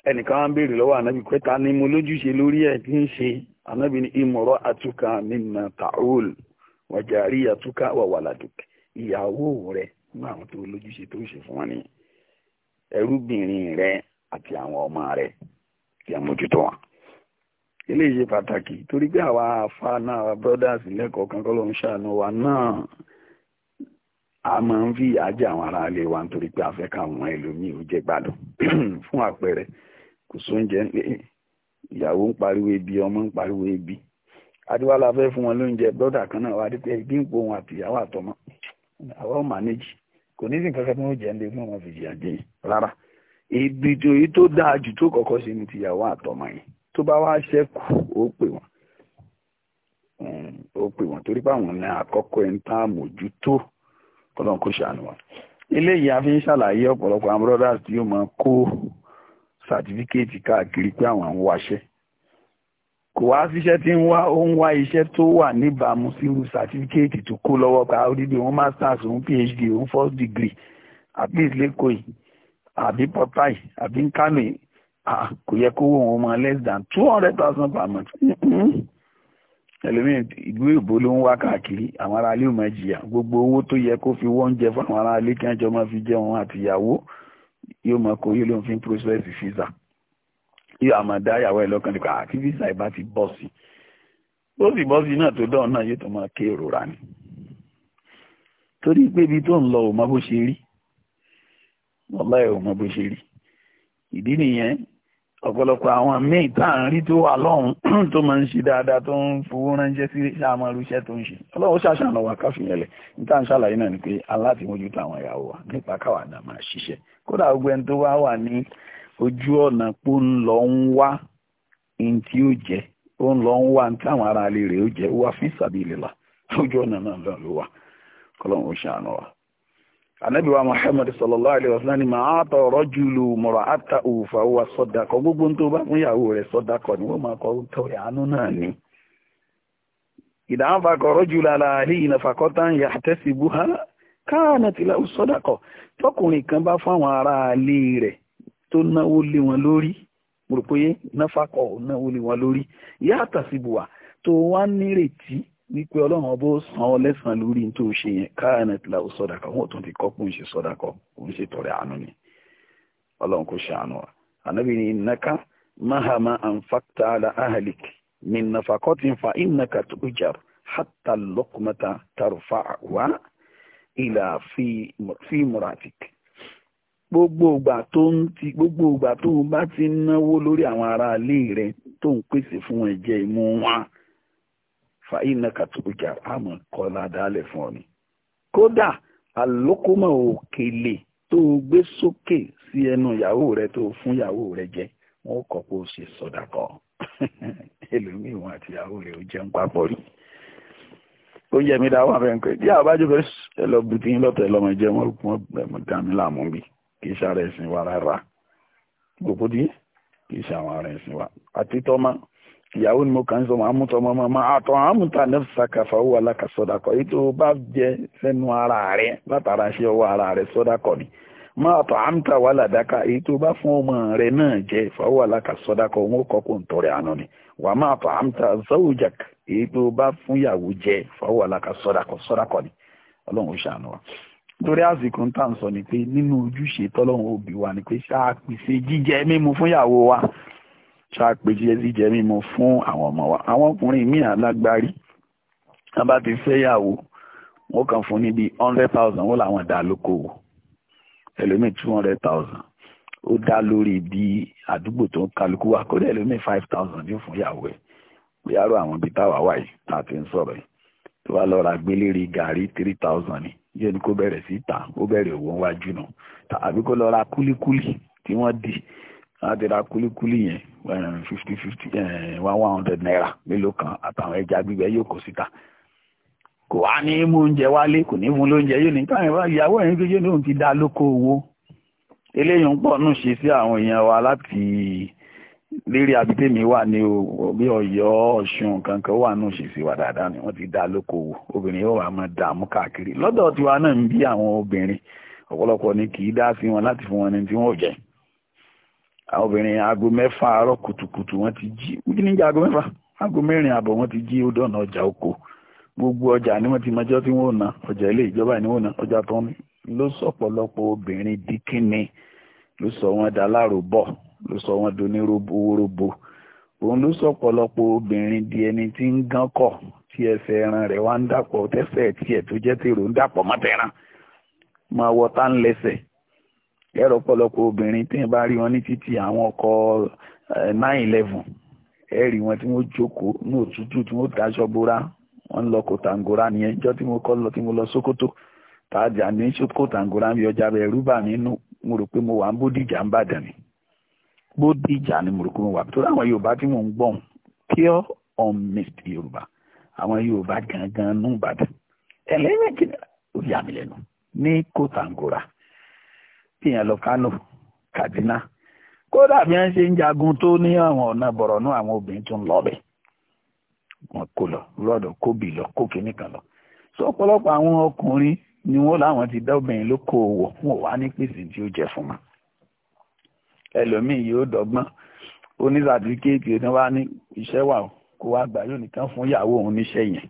ẹnìkan á ń béèrè lọ́wọ́ ànábì pé ta ni mo lójúṣe lórí ẹ̀ tí ń ṣe ànábì ìmọ̀rọ̀ àtúkà nínú wàjàrí àtúkà rẹ àwọn tó lójúṣe tó ṣe rẹ àti àwọn ọmọ rẹ a wọn. eléyìí ṣe pàtàkì torí pé àwa afa náà àwa brothers lẹ́kọ̀ọ́ wa náà a máa ń fi ìyá jẹ àwọn wa nítorí pé a káwọn ẹlòmíì jẹ fún àpẹẹrẹ kò sóúnjẹ ń pè é ìyàwó ń pariwo ebi ọmọ ń pariwo ebi adéwà la fẹ́ fún wọn lóúnjẹ brọ́dà kan náà wà á dé pé ebi ń po òun àtìyàwó àtọmọ àwa ò mànéjì kò ní sí nǹkan kan tí wọ́n jẹ́ ń lé fún ọmọ fìjìyà jẹ rárá ibi tó dáa jù tó kọ́kọ́ ṣe ni tìyàwó àtọmọ yẹn tó bá wá ṣẹ́kù ó pè wọ́n ó pè wọ́n torí báwọn ní àkọ́kọ́ ẹ̀ ń tá àmójútó kọ́lọ́n kó ṣàánú wọn. eléyìí a fi ń ṣàlàyé ọ̀pọ̀lọpọ̀ àwọn brothers tí yóò máa kó sàtífíkẹ́ẹ̀tì káàkiri pé àwọn ń wáṣẹ́ kò wá síṣẹ́ tí ń wá ó ń wá iṣẹ́ tó wà níbàámu sírú sàtífíkẹ́ẹ̀tì tó kó lọ́wọ́ pa odidi òun masters òun phd òun first degree at least lẹ́kọ̀ọ́ yìí àbí pọ́táì àbí kánò kò yẹ kó wọ́n wọn less than two hundred thousand per month mm-hmm. ẹlòmíràn ìlú èbó ló ń wá káàkiri àwọn aráalé ò máa jìyà gbogbo owó tó yẹ kó fi wọ́n oúnjẹ fún àwọn aráalé kí wọ́n jọ máa fi jẹun àtìyàwó yóò mọ kó yóò lóun fi ń process visa yóò àmọ́ dá ìyàwó ẹ̀ lọ́kàn nípa àti ah, visa ìbá ti bọ́ sí bó sì bọ́ sí náà tó dán náà yóò tó mọ ké ìrora ni torí pé ibi tó ń lọ ò mọ bó ṣe rí wọ́n ò mọ bó ṣe rí ìdí nìyẹn ọ̀pọ̀lọpọ̀ àwọn míì tá à ń rí tó wà lọ́hùn tó máa ń ṣe dáadáa tó ń fowó ránṣẹ́ sí sàmọ́rú iṣẹ́ tó ń ṣe ọlọ́run ṣàṣàn lọ́wọ́ káfíńyẹn lẹ̀ níta ń ṣàlàyé náà ni pé aláti mójútó àwọn ìyàwó wa nípa káwa náà máa ṣiṣẹ́ kódà gbogbo ẹni tó wá wà ní ojú ọ̀nà pó ń lọ ń wá ní tí ó jẹ ó ń lọ ń wá ní táwọn ará ilé rẹ̀ ó jẹ ó wá fún ìsàbí ìlera ojú ọ̀nà náà ló anabi wa muhammad sallallahu alaihi wasallam ni ma ata rajulu mar'atahu fa huwa sadaqa gbogbo tó bá fún ìyàwó rẹ̀ sadaqa ni wọ́n máa kọ tọrẹ àánú náà ni idan faqa rajula ala ahlihi nafaqatan yahtasibuha kanat lahu sadaqa tọkùnrin kan bá fún àwọn ará ilé rẹ̀ tó náwó lé wọn lórí mo rò náwó lé wọn lórí yahtasibuha tó wá nírètí wípé ọlọ́run ọbọ̀ san ọ lẹ́sàn lórí tó ṣe yẹn káànet làwọn sọ̀dàkọ̀ wọn tó ti kọ́ pé ń ṣe sọ̀dàkọ̀ ń ṣe tọrẹ àánú ni ọlọ́run kò ṣe àánú wa ànábì ní ìnáká mahama anfakta ala ahalik min nafaqatin fa innaka tujar hatta luqmata tarfa wa ila fi muratik gbogbo ìgbà tó ń bá ti náwó lórí àwọn ará ilé rẹ tó ń pèsè fún ẹ̀jẹ̀ ìmú wọn fàyín náà kàtúkà àmọ́ kọ́lá dálẹ̀ fún ọ ni. kódà àlókòmọ̀ òkèlè tó o gbé sókè sí ẹnu ìyàwó rẹ tó o fún ìyàwó rẹ jẹ wọn kọ pé o ṣe sọdà kọ ẹlòmíì wọn àti ìyàwó rẹ ó jẹun papọ̀ rí ó yẹ mi dáwọ́ abẹ́ nǹkan bí àbájọ fẹ́ ẹ lọ bùtí yín lọ́tọ̀ ẹ lọ́mọ jẹ́ wọn wọn ẹ̀mọ dá láàmú bí kì í ṣàrẹ̀ ẹ̀sìn wa rárá gbogbo díẹ̀ kì í ṣàwọn ará ẹ̀sìn wa àti tọ́mọ ìyàwó ni mo kàn ń sọ máa mú tọmọ ọmọ máa àtọ àmúta nẹfùsà kàfà owó alákàsọdàkọ èyí tó bá jẹ sẹ́nu ara rẹ látara ṣe ọwọ́ ara rẹ sọdàkọ ni máa tọ àmúta wà ládàkà èyí tó bá fún ọmọ rẹ náà jẹ ìfowó alákàsọdàkọ òun ó kọkọ ntọrẹ àná ni wà máa tọ àmúta zawujak èyí tó bá fún ìyàwó jẹ ìfowó alákàsọdàkọ sọdàkọ ni Ọlọ́run ó ṣàánú wa torí àsìkò ń tà ń sọ ni pé nínú ojúṣe tọ́lọ́run òbí wa ni pé ṣáà pèsè jíjẹ mímu fún ìyàwó wa ṣàpèjì jíjẹ mímu fún àwọn ọmọ wa àwọn ọkùnrin míì alágbárí wọn bá ti fẹ́yàwó wọn kàn fún níbi hundred thousand wọn làwọn dá lókòwò ẹlòmíì two hundred thousand ó dá lórí bí àdúgbò tó ń kálukú wa kódà ẹlòmíì five thousand yóò fún ìyàwó ẹ̀ bóyá rò àwọn ibi táwa wà yìí tá a ti ń sọ̀rọ̀ yìí tó wá lọ ra gbélére gàrí three thousand ni yóò ní kó bẹ̀rẹ̀ sí ta ó bẹ̀rẹ̀ owó wájú nù tàbí kó lọ ra kúlíkúlí tí wọ́n dì láti ra kúlíkúlí yẹn eh, fifty fifty eh, one hundred naira mélòó kan àtàwọn ẹja gbígbẹ yóò kó síta kò wá ní mú oúnjẹ wálé kò ní fún lóúnjẹ yóò ní káyọ̀ bá ìyàwó ẹ̀yìn kékeré lóun ti dá lóko owó eléyìí ń pọ̀ nù ṣe sí àwọn èèyàn wa láti lérí abitẹ́mi wà ní bí ọ̀yọ́ ọ̀ṣun kankan wà nù ṣe sí wa dáadáa ni wọ́n ti dá lóko owó obìnrin yóò wá máa dààmú káàkiri lọ́dọ̀ tiwa náà ń bí àwọn obìnrin ọ̀pọ̀lọpọ̀ ni kì í dá sí wọn láti fún wọn ní tí wọ́n jẹ́ obìnrin aago mẹ́fà àárọ̀ kùtùkùtù wọ́n ti jí kí ni jẹ́ aago mẹ́fà aago mẹ́rin àbọ̀ wọ́n ti jí ó ọjà oko gbogbo ọjà ni wọ́n ti mọjọ́ tí wọ́n ò ọjà ilé ìjọba ni wọ́n ò ọjà tó ń lọ sọ̀pọ̀lọpọ̀ obìnrin díkínni ló sọ wọ́n dà láròbọ̀ ló sọ wọ́n doní robo òun ló sọ̀pọ̀lọpọ̀ obìnrin di ẹni tí ń gán kọ̀ tí ẹsẹ̀ ẹran rẹ̀ wá ń dàpọ̀ tẹ́sẹ̀ tiẹ̀ tó jẹ́ tèrò ń dàpọ̀ mọ́tẹ́ran máa wọ tá ń lẹ́sẹ̀ ẹ̀rọ ọ̀pọ̀lọpọ̀ obìnrin tí wọ́n bá rí wọn ní títì àwọn ọkọ̀ nine eleven ẹ rí wọn tí wọ́n jókòó ní òtútù tí wọ́n daṣọ bora wọ́n lọ kòtàngórà nìyẹn ìjọ́ tí mo kọ́ lọ tí mo lọ Sókótó tààjà ní kòtàngórà mi ọjà bẹ̀ rúbà nínú mo rò pé mo wà ń Bódìjà ń Bàdàn ni Bódìjà ni mo rò pé mo wà torí àwọn Yorùbá tí mò ń gbọ́n pure unmixed Yorùbá àwọn Yorùbá gangan nù Ìbàdàn ẹlẹ́yìn kìnìún ó yà mí lẹ́nu ní kòtàngórà èèyàn lọ Kánò Kàdínà kódà bí ṣe ń jagun tó ní àwọn ọ̀nà ní àwọn obìnrin tó ń lọ bẹ̀ wọn kò lọ lọ́dọ̀ kóbì lọ kókè nìkan lọ sọ ọ̀pọ̀lọpọ̀ àwọn ọkùnrin ni wọ́n láwọn ti dá obìnrin lóko ní pèsè tí ó jẹ fún wọn yóò ní iṣẹ́ wà kó wá gbà yóò nìkan fún ìyàwó òun níṣẹ́ yẹn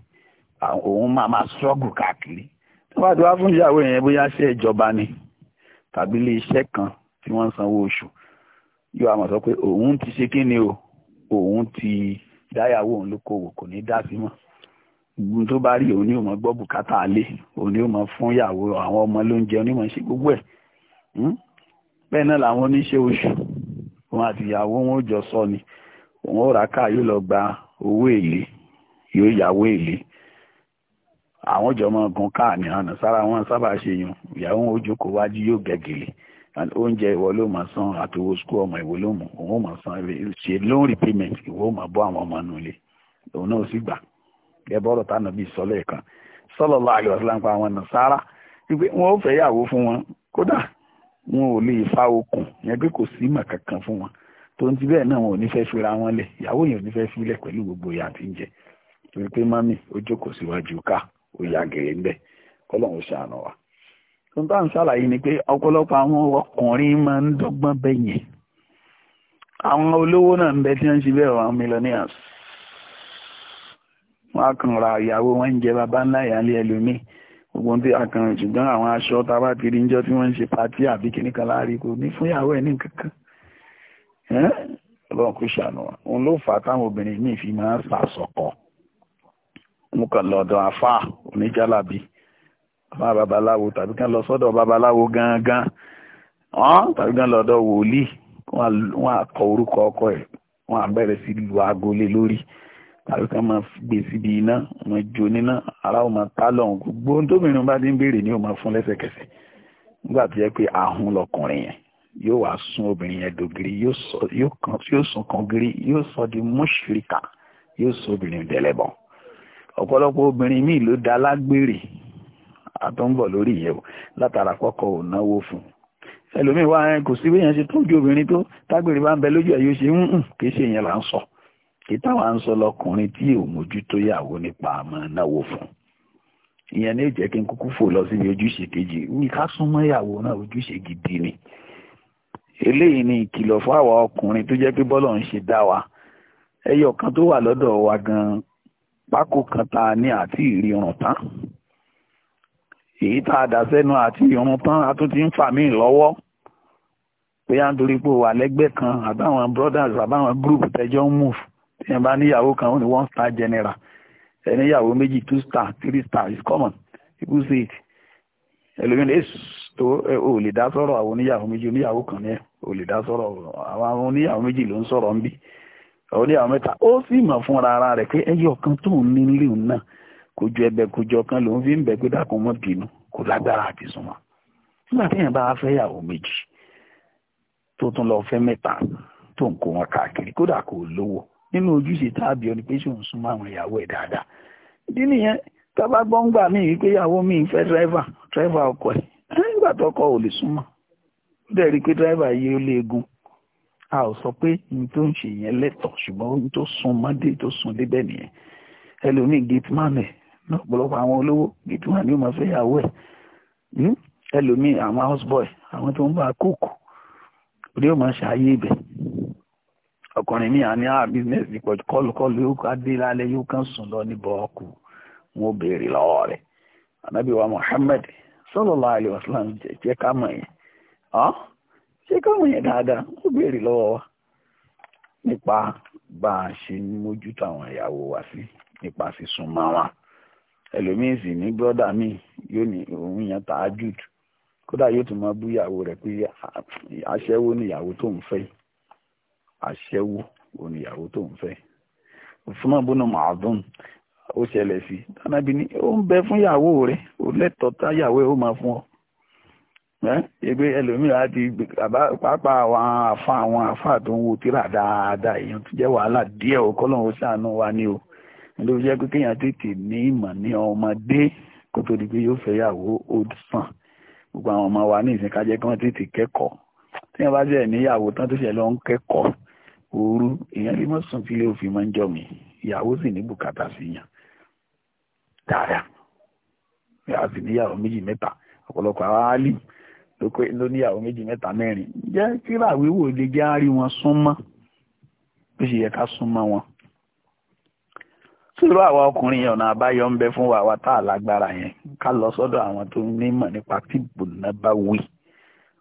òun máa máa ṣọ́gù ni tàbí ilé iṣẹ́ kan tí wọ́n ń sanwó oṣù yóò àmọ̀ sọ pé òun ti ṣe kí ni o òun ti dáyàwó òun ló kòwò kò ní dá sí mọ́ gbogbo tó bá rí òun ni ó máa gbọ́ bùkátà alé òun ni ó máa fún ìyàwó àwọn ọmọ lóúnjẹ onímọ̀ ṣe gbogbo ẹ̀ hmm? bẹ́ẹ̀ náà làwọn oníṣẹ́ oṣù òun àti ìyàwó wọn ò jọ sọ ni òun ó ra yóò lọ gba owó èlé yóò yàwó èlé àwọn jọmọ gun káà ní àná sára wọn sábà ṣe yun ìyàwó wọn ojú kò wájú yóò gẹ̀gẹ̀lẹ̀ oúnjẹ ìwọ ló máa san àtòwò skul ọmọ ìwọ ló mú òun ó máa san ṣe loan repayment ìwọ ó máa bọ́ àwọn ọmọ nù lé òun náà sì gbà gẹ́gẹ́ ọ̀rọ̀ tánà bíi sọ́lẹ̀ kan sallallahu alaihi wasallam pa àwọn nàṣàrà wípé wọn ò fẹ́ yàwó fún wọn kódà wọn ò lè fa okùn yẹn pé kò sí ìmọ̀ kankan fún wọn tó ń ti bẹ́ẹ̀ náà wọn ò ní fẹ́ fira wọn lẹ̀ ìyàwó yẹn ò ní fẹ́ filẹ̀ pẹ̀lú gbogbo ìyà tí ń torí pé mami ó jókòó síwájú ká ó ya gèrè ń bẹ̀ kọ́lọ́hún ṣàánú wa. tó ń ń ṣàlàyé ni pé ọ̀pọ̀lọpọ̀ àwọn ọkùnrin máa ń dọ́gbọ́n bẹ̀yẹn àwọn olówó náà ń bẹ tí wọ́n ń ṣe bẹ́ẹ̀ wọn millionaires wọ́n á kàn ra ìyàwó wọn ń jẹ bàbá ńlá ìyáálé ẹlòmíì ogun tí a kàn ṣùgbọ́n àwọn aṣọ tá a bá tí wọ́n ń ṣe pàtí àbí kìíní kan láàárín kò ní fún ìyàwó ẹ̀ ní kankan ọlọ́run kò ṣàánú òun ló fà á táwọn obìnrin míì mú kàn lọ́dọ̀ àfà oníjàlábí àfà babaláwo tàbí kàn lọ sọ́dọ̀ babaláwo gangan hàn tàbí kàn lọ́dọ̀ wòlíì wọ́n á kọ orúkọ ọkọ ẹ̀ wọ́n á bẹ̀rẹ̀ sí lu agolé lórí tàbí kàn máa gbé síbi iná wọ́n jó níná ara wọn máa tá lọ́hùn gbogbo ohun bá ti ń béèrè ni ó máa fún lẹ́sẹ̀kẹsẹ̀ nígbà tó yẹ pé ahun lọkùnrin yẹn yóò wá sún obìnrin yẹn dògiri yóò sún kan giri yóò sọ di mọ́ṣíríkà yóò sọ obìnrin dẹ̀lẹ́bọ̀n ọ̀pọ̀lọpọ̀ obìnrin míì ló da lágbèrè àtọ́nbọ̀ lórí ìyẹ̀wò látara kọ́kọ́ ò náwó fún ẹlòmíín wá kò sí bí èèyàn ṣe tọ́jú obìnrin tó tágbèrè bá ń bẹ lójú ẹ̀ yóò ṣe ń hùn kì í ṣe èèyàn là ń sọ kì í táwa ń sọ lọkùnrin tí ò mójútó yàwó nípa àmọ́ náwó fún ìyẹn ní ìjẹ́ kí n kúkú fò lọ síbi ojúṣe kejì ní ká súnmọ́ ìyàwó náà ojúṣe gidi ni eléyìí ni ìkìlọ̀ fún àwa ọkùnrin tó jẹ́ pé bọ́lọ̀ ń ṣe dá wa ẹyọ kan tó wà lọ́dọ̀ wa gan-an pákó kan tá a ní àti ìrìrùn tán èyí tá a dà sẹ́nu àti ìrùn tán a tún ti ń fà mí lọ́wọ́ bóyá nítorí pé wà lẹ́gbẹ́ kan àbáwọn brothers àbáwọn group tẹjọ́ ń move tíyẹn bá níyàwó kan ó ní one star general ẹníyàwó méjì two star three star is common people say it ẹlòmíràn èsù ò lè dá sọ̀rọ̀ àwọn oníyàwó méjì oníyàwó kan ní ẹ̀ ò lè dá sọ̀rọ̀ àwọn oníyàwó méjì ló ń sọ̀rọ̀ ń bí orí àwọn mẹ́ta ó sì mọ̀ fúnra ara rẹ̀ pé ẹyọ kan tó ń ní ilé òun náà kò ju ẹ̀bẹ̀ kò jọ kan lòun fi ń bẹ̀ pé dákun mọ́ bínú kò lágbára àti súnmọ́ nígbà téèyàn bá fẹ́ yàwó méjì tó tún lọ fẹ́ mẹ́ta tó ń kó wọn káàkiri kódà kò lówó nínú ojúṣe tàbí ọ ni pé ṣòun súnmọ́ àwọn ìyàwó ẹ̀ dáadáa ìdí nìyẹn tábà gbọ́ngbà mi wípé ìyàwó mi fẹ́ dírẹ́fà dírẹ́fà ọkọ̀ ẹ̀ nígbà tó ọkọ̀ ò lè súnmọ́ a ò sọ pé ní tó ń ṣe yẹn lẹ́tọ̀ ṣùgbọ́n ní tó sun mọ́dé tó sun débẹ̀ nìyẹn ẹlòmíì gateman náà ọ̀pọ̀lọpọ̀ àwọn olówó gateman ni máa fẹ́ yàwó ẹ̀ hmm? ẹlòmíì àwọn houseboy àwọn tó ń bá kóòkù orí ó máa ṣàyè ibẹ̀ ọkùnrin mi àní ah, business ní kọlùkọlù yóò ká dé lálẹ́ yóò kàn sùn lọ ní bọ́ọ̀kù wọn ò béèrè lọ́wọ́ rẹ̀ ṣé káwọn yẹn dáadáa ó béèrè lọ́wọ́ wa nípa bá a ṣe ń mójútó àwọn ìyàwó wa sí nípa sísun mọ́ wọn ẹlòmíín sì ní brọ́dà míì yóò ní òun yẹn tàájùd kódà yóò tún máa bú ìyàwó rẹ̀ pé aṣẹ́wó ni ìyàwó tó ń fẹ́ aṣẹ́wó ni ìyàwó tó ń fẹ́ Usman bun Madun ó ṣẹlẹ̀ sí dáná bí ní ó ń bẹ fún ìyàwó rẹ̀ ó lẹ́tọ̀ọ́ táyàwó ẹ̀ ó máa fún ọ ẹgbẹ́ ẹlòmíì á ti pápá àwọn àfa àwọn àfa tó ń wo tíra dáadáa èèyàn tó jẹ́ wàhálà díẹ̀ o kọ́lọ́hún ṣàánú wa ni o ló fi jẹ́ pé kéèyàn tètè ní ìmọ̀ ní ọmọdé kó tó di pé yóò fẹ́ yàwó ó sàn gbogbo àwọn ọmọ wa ní ìsìn kájẹ́ kí wọ́n tètè kẹ́kọ̀ọ́ tí wọ́n bá jẹ́ níyàwó tán tó ṣe lọ ń kẹ́kọ̀ọ́ òru èèyàn lè mọ̀ sùn tílé òfin máa ń jọ mi ìyàwó sì ní bùkátà sí yàn dáadáa ìyàwó sì níyàwó méjì mẹ́ta ọ̀pọ̀lọpọ̀ àwọn álì lóníyàwó méjì mẹ́ta mẹ́rin jẹ́ kíra wíwò lè jẹ́ àárí wọn súnmọ́ bó ṣe yẹ ká súnmọ́ wọn. sírò àwa ọkùnrin yẹn ọ̀nà àbáyọ ń bẹ fún wa àwa tá a lágbára yẹn ká lọ sọ́dọ̀ àwọn tó nímọ̀ nípa tìbò náà bá wí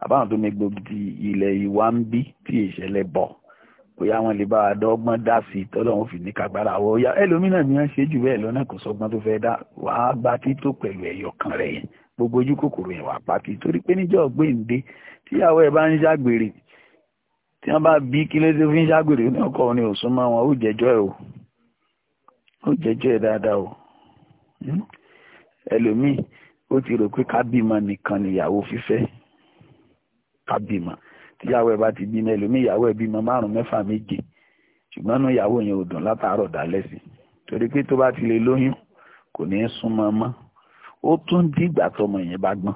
àbáwọn tó mẹgbẹ́ ti ilẹ̀ ìwà ń bí tí ìṣẹ̀lẹ̀ bọ̀ bóyá wọn lè bá wa dọ́gbọ́n dá sí i tọ́lọ́run fi ní kagbára wọ ẹlòmínà ni wọ́n ṣe jù bẹ́ẹ̀ lọ́nà kò sọ́gbọ́n tó fẹ́ dá wàá gba títò pẹ̀lú ẹ̀yọ̀ rẹ̀ yẹn gbogbo ojú kòkòrò yẹn wà pàtì torí pé níjọ́ gbèǹde tíyàwó ẹ̀ bá ń ṣàgbèrè tí wọ́n bá bí kí ló dé fi ń ṣàgbèrè ní ọkọ ni ò súnmọ́ wọn ó jẹ́jọ́ ẹ̀ o ó jẹ́jọ́ ẹ̀ dáadáa o hmm? ẹlòmíì ó ti rò pé kábìmọ nìkan nìyàwó fífẹ́ kábìmọ tíyàwó ẹ̀ bá ti bímọ ẹlòmíì ìyàwó ẹ̀ bímọ márùn mẹ́fà méje ṣùgbọ́n nù ìyàwó yẹn ò dùn látàárọ̀ dálẹ́ sí torí pé tó bá ti lè lóyún kò ní í súnmọ́ mọ́ ó tún dìgbà tọmọ yẹn bá gbọ́n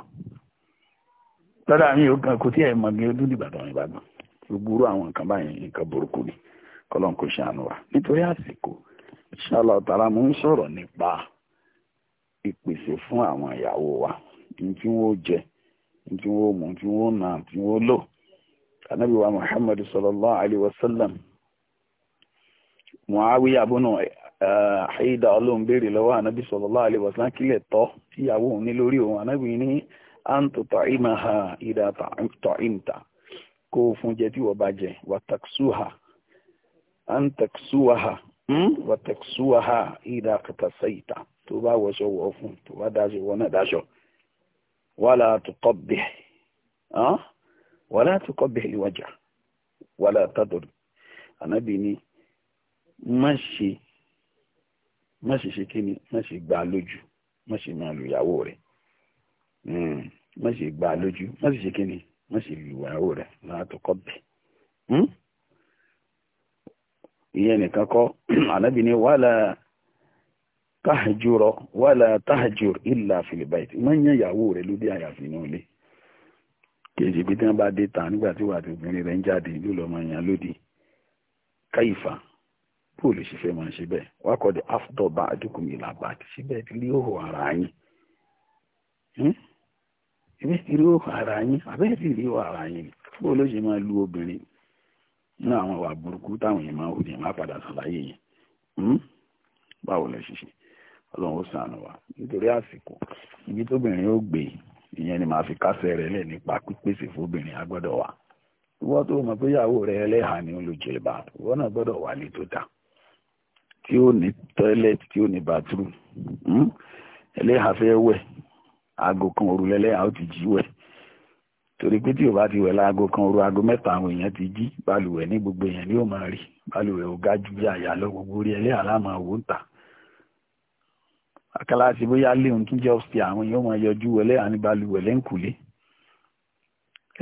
lọ́dọ̀ àmì yóò gan kò tí ẹ̀ mọ̀ ní ó tún tọmọ yẹn bá gbọ́n gbogbo àwọn nǹkan báyìí nǹkan burúkú ni kọ́lọ́n kò ṣàánú wa nítorí àsìkò ń sọ̀rọ̀ nípa fún àwọn ìyàwó wa ní tí wọ́n jẹ ní tí wọ́n mú tí wọ́n nà tí wọ́n lò àìdá eh, ọlọ́run béèrè lọ́wọ́ ànábì sallallahu alaihi wasallam kílẹ̀ tọ́ ìyàwó òun ní lórí òun ànábì ní àǹtòtò ìmàhà ìdá tọ̀ ìmta kó o fún jẹ tí wọ́n bá jẹ wàtàkṣúhà àǹtàkṣúhà wàtàkṣúhà ìdá kàtàṣáìta tó bá wọṣọ wọ̀ fún tó bá dáṣọ wọ́n náà dáṣọ wàlá àtúkọ́ bẹ̀ wàlá àtúkọ́ bẹ̀ ìwájà ànábì ní má ṣe má ṣe ṣe kíni má ṣe gbà lójú má ṣe máa lu ìyàwó rẹ̀ hmm, má ṣe gbà lójú má ṣe ṣe kíni má ṣe lu ìyàwó rẹ̀ látọkọ bẹ hmm? ìyẹn nìkan kọ́ ànábì ni wàhálà tahjuro wàhálà tahjur illa fil bayt má ń yan ìyàwó rẹ̀ lóde àyàfi náà lé kejì bí tí wọn bá dé ta nígbà tí wàá ti obìnrin rẹ̀ ń jáde ló lọ máa yan lódì káyìfà Paul ṣiṣẹ́ máa ń ṣe bẹ́ẹ̀ wákọ̀ the after sibe adúkùn oho làbá àti síbẹ̀ ti rí ara yín hmm? ẹbí ti rí ara ti ara anyi bó ló si ma lu obinrin ní àwọn ìwà burúkú táwọn èèyàn máa ń hùdì máa padà ṣàlàyé yẹn hmm? báwo lè ṣiṣẹ́ ó sànù wa nítorí àsìkò ibi tóbìnrin ó gbé ìyẹn ni màá fi nípa pípèsè fóbìnrin wa tó mọ̀ pé ìyàwó ẹlẹ́hàá ni náà gbọ́dọ̀ wà ní ta. tí ó ní toilet tí ó ní bathroom hmm? ẹlẹ́yà fẹ́ wẹ̀ aago kan òru lẹ́lẹ́yà ó ti jí wẹ̀ torí pé tí o bá ti wẹ̀ láago kan òru aago mẹ́ta àwọn èèyàn ti jí balùwẹ̀ ní gbogbo èèyàn ni ó máa rí balùwẹ̀ ò ga ju bí àyà lọ gbogbo orí ẹlẹ́yà láàmà wò ń tà akálàsì bóyá léun tún jẹ́ ọ̀sẹ̀ àwọn èèyàn máa yọjú ẹlẹ́yà ní balùwẹ̀ lẹ́ńkùlé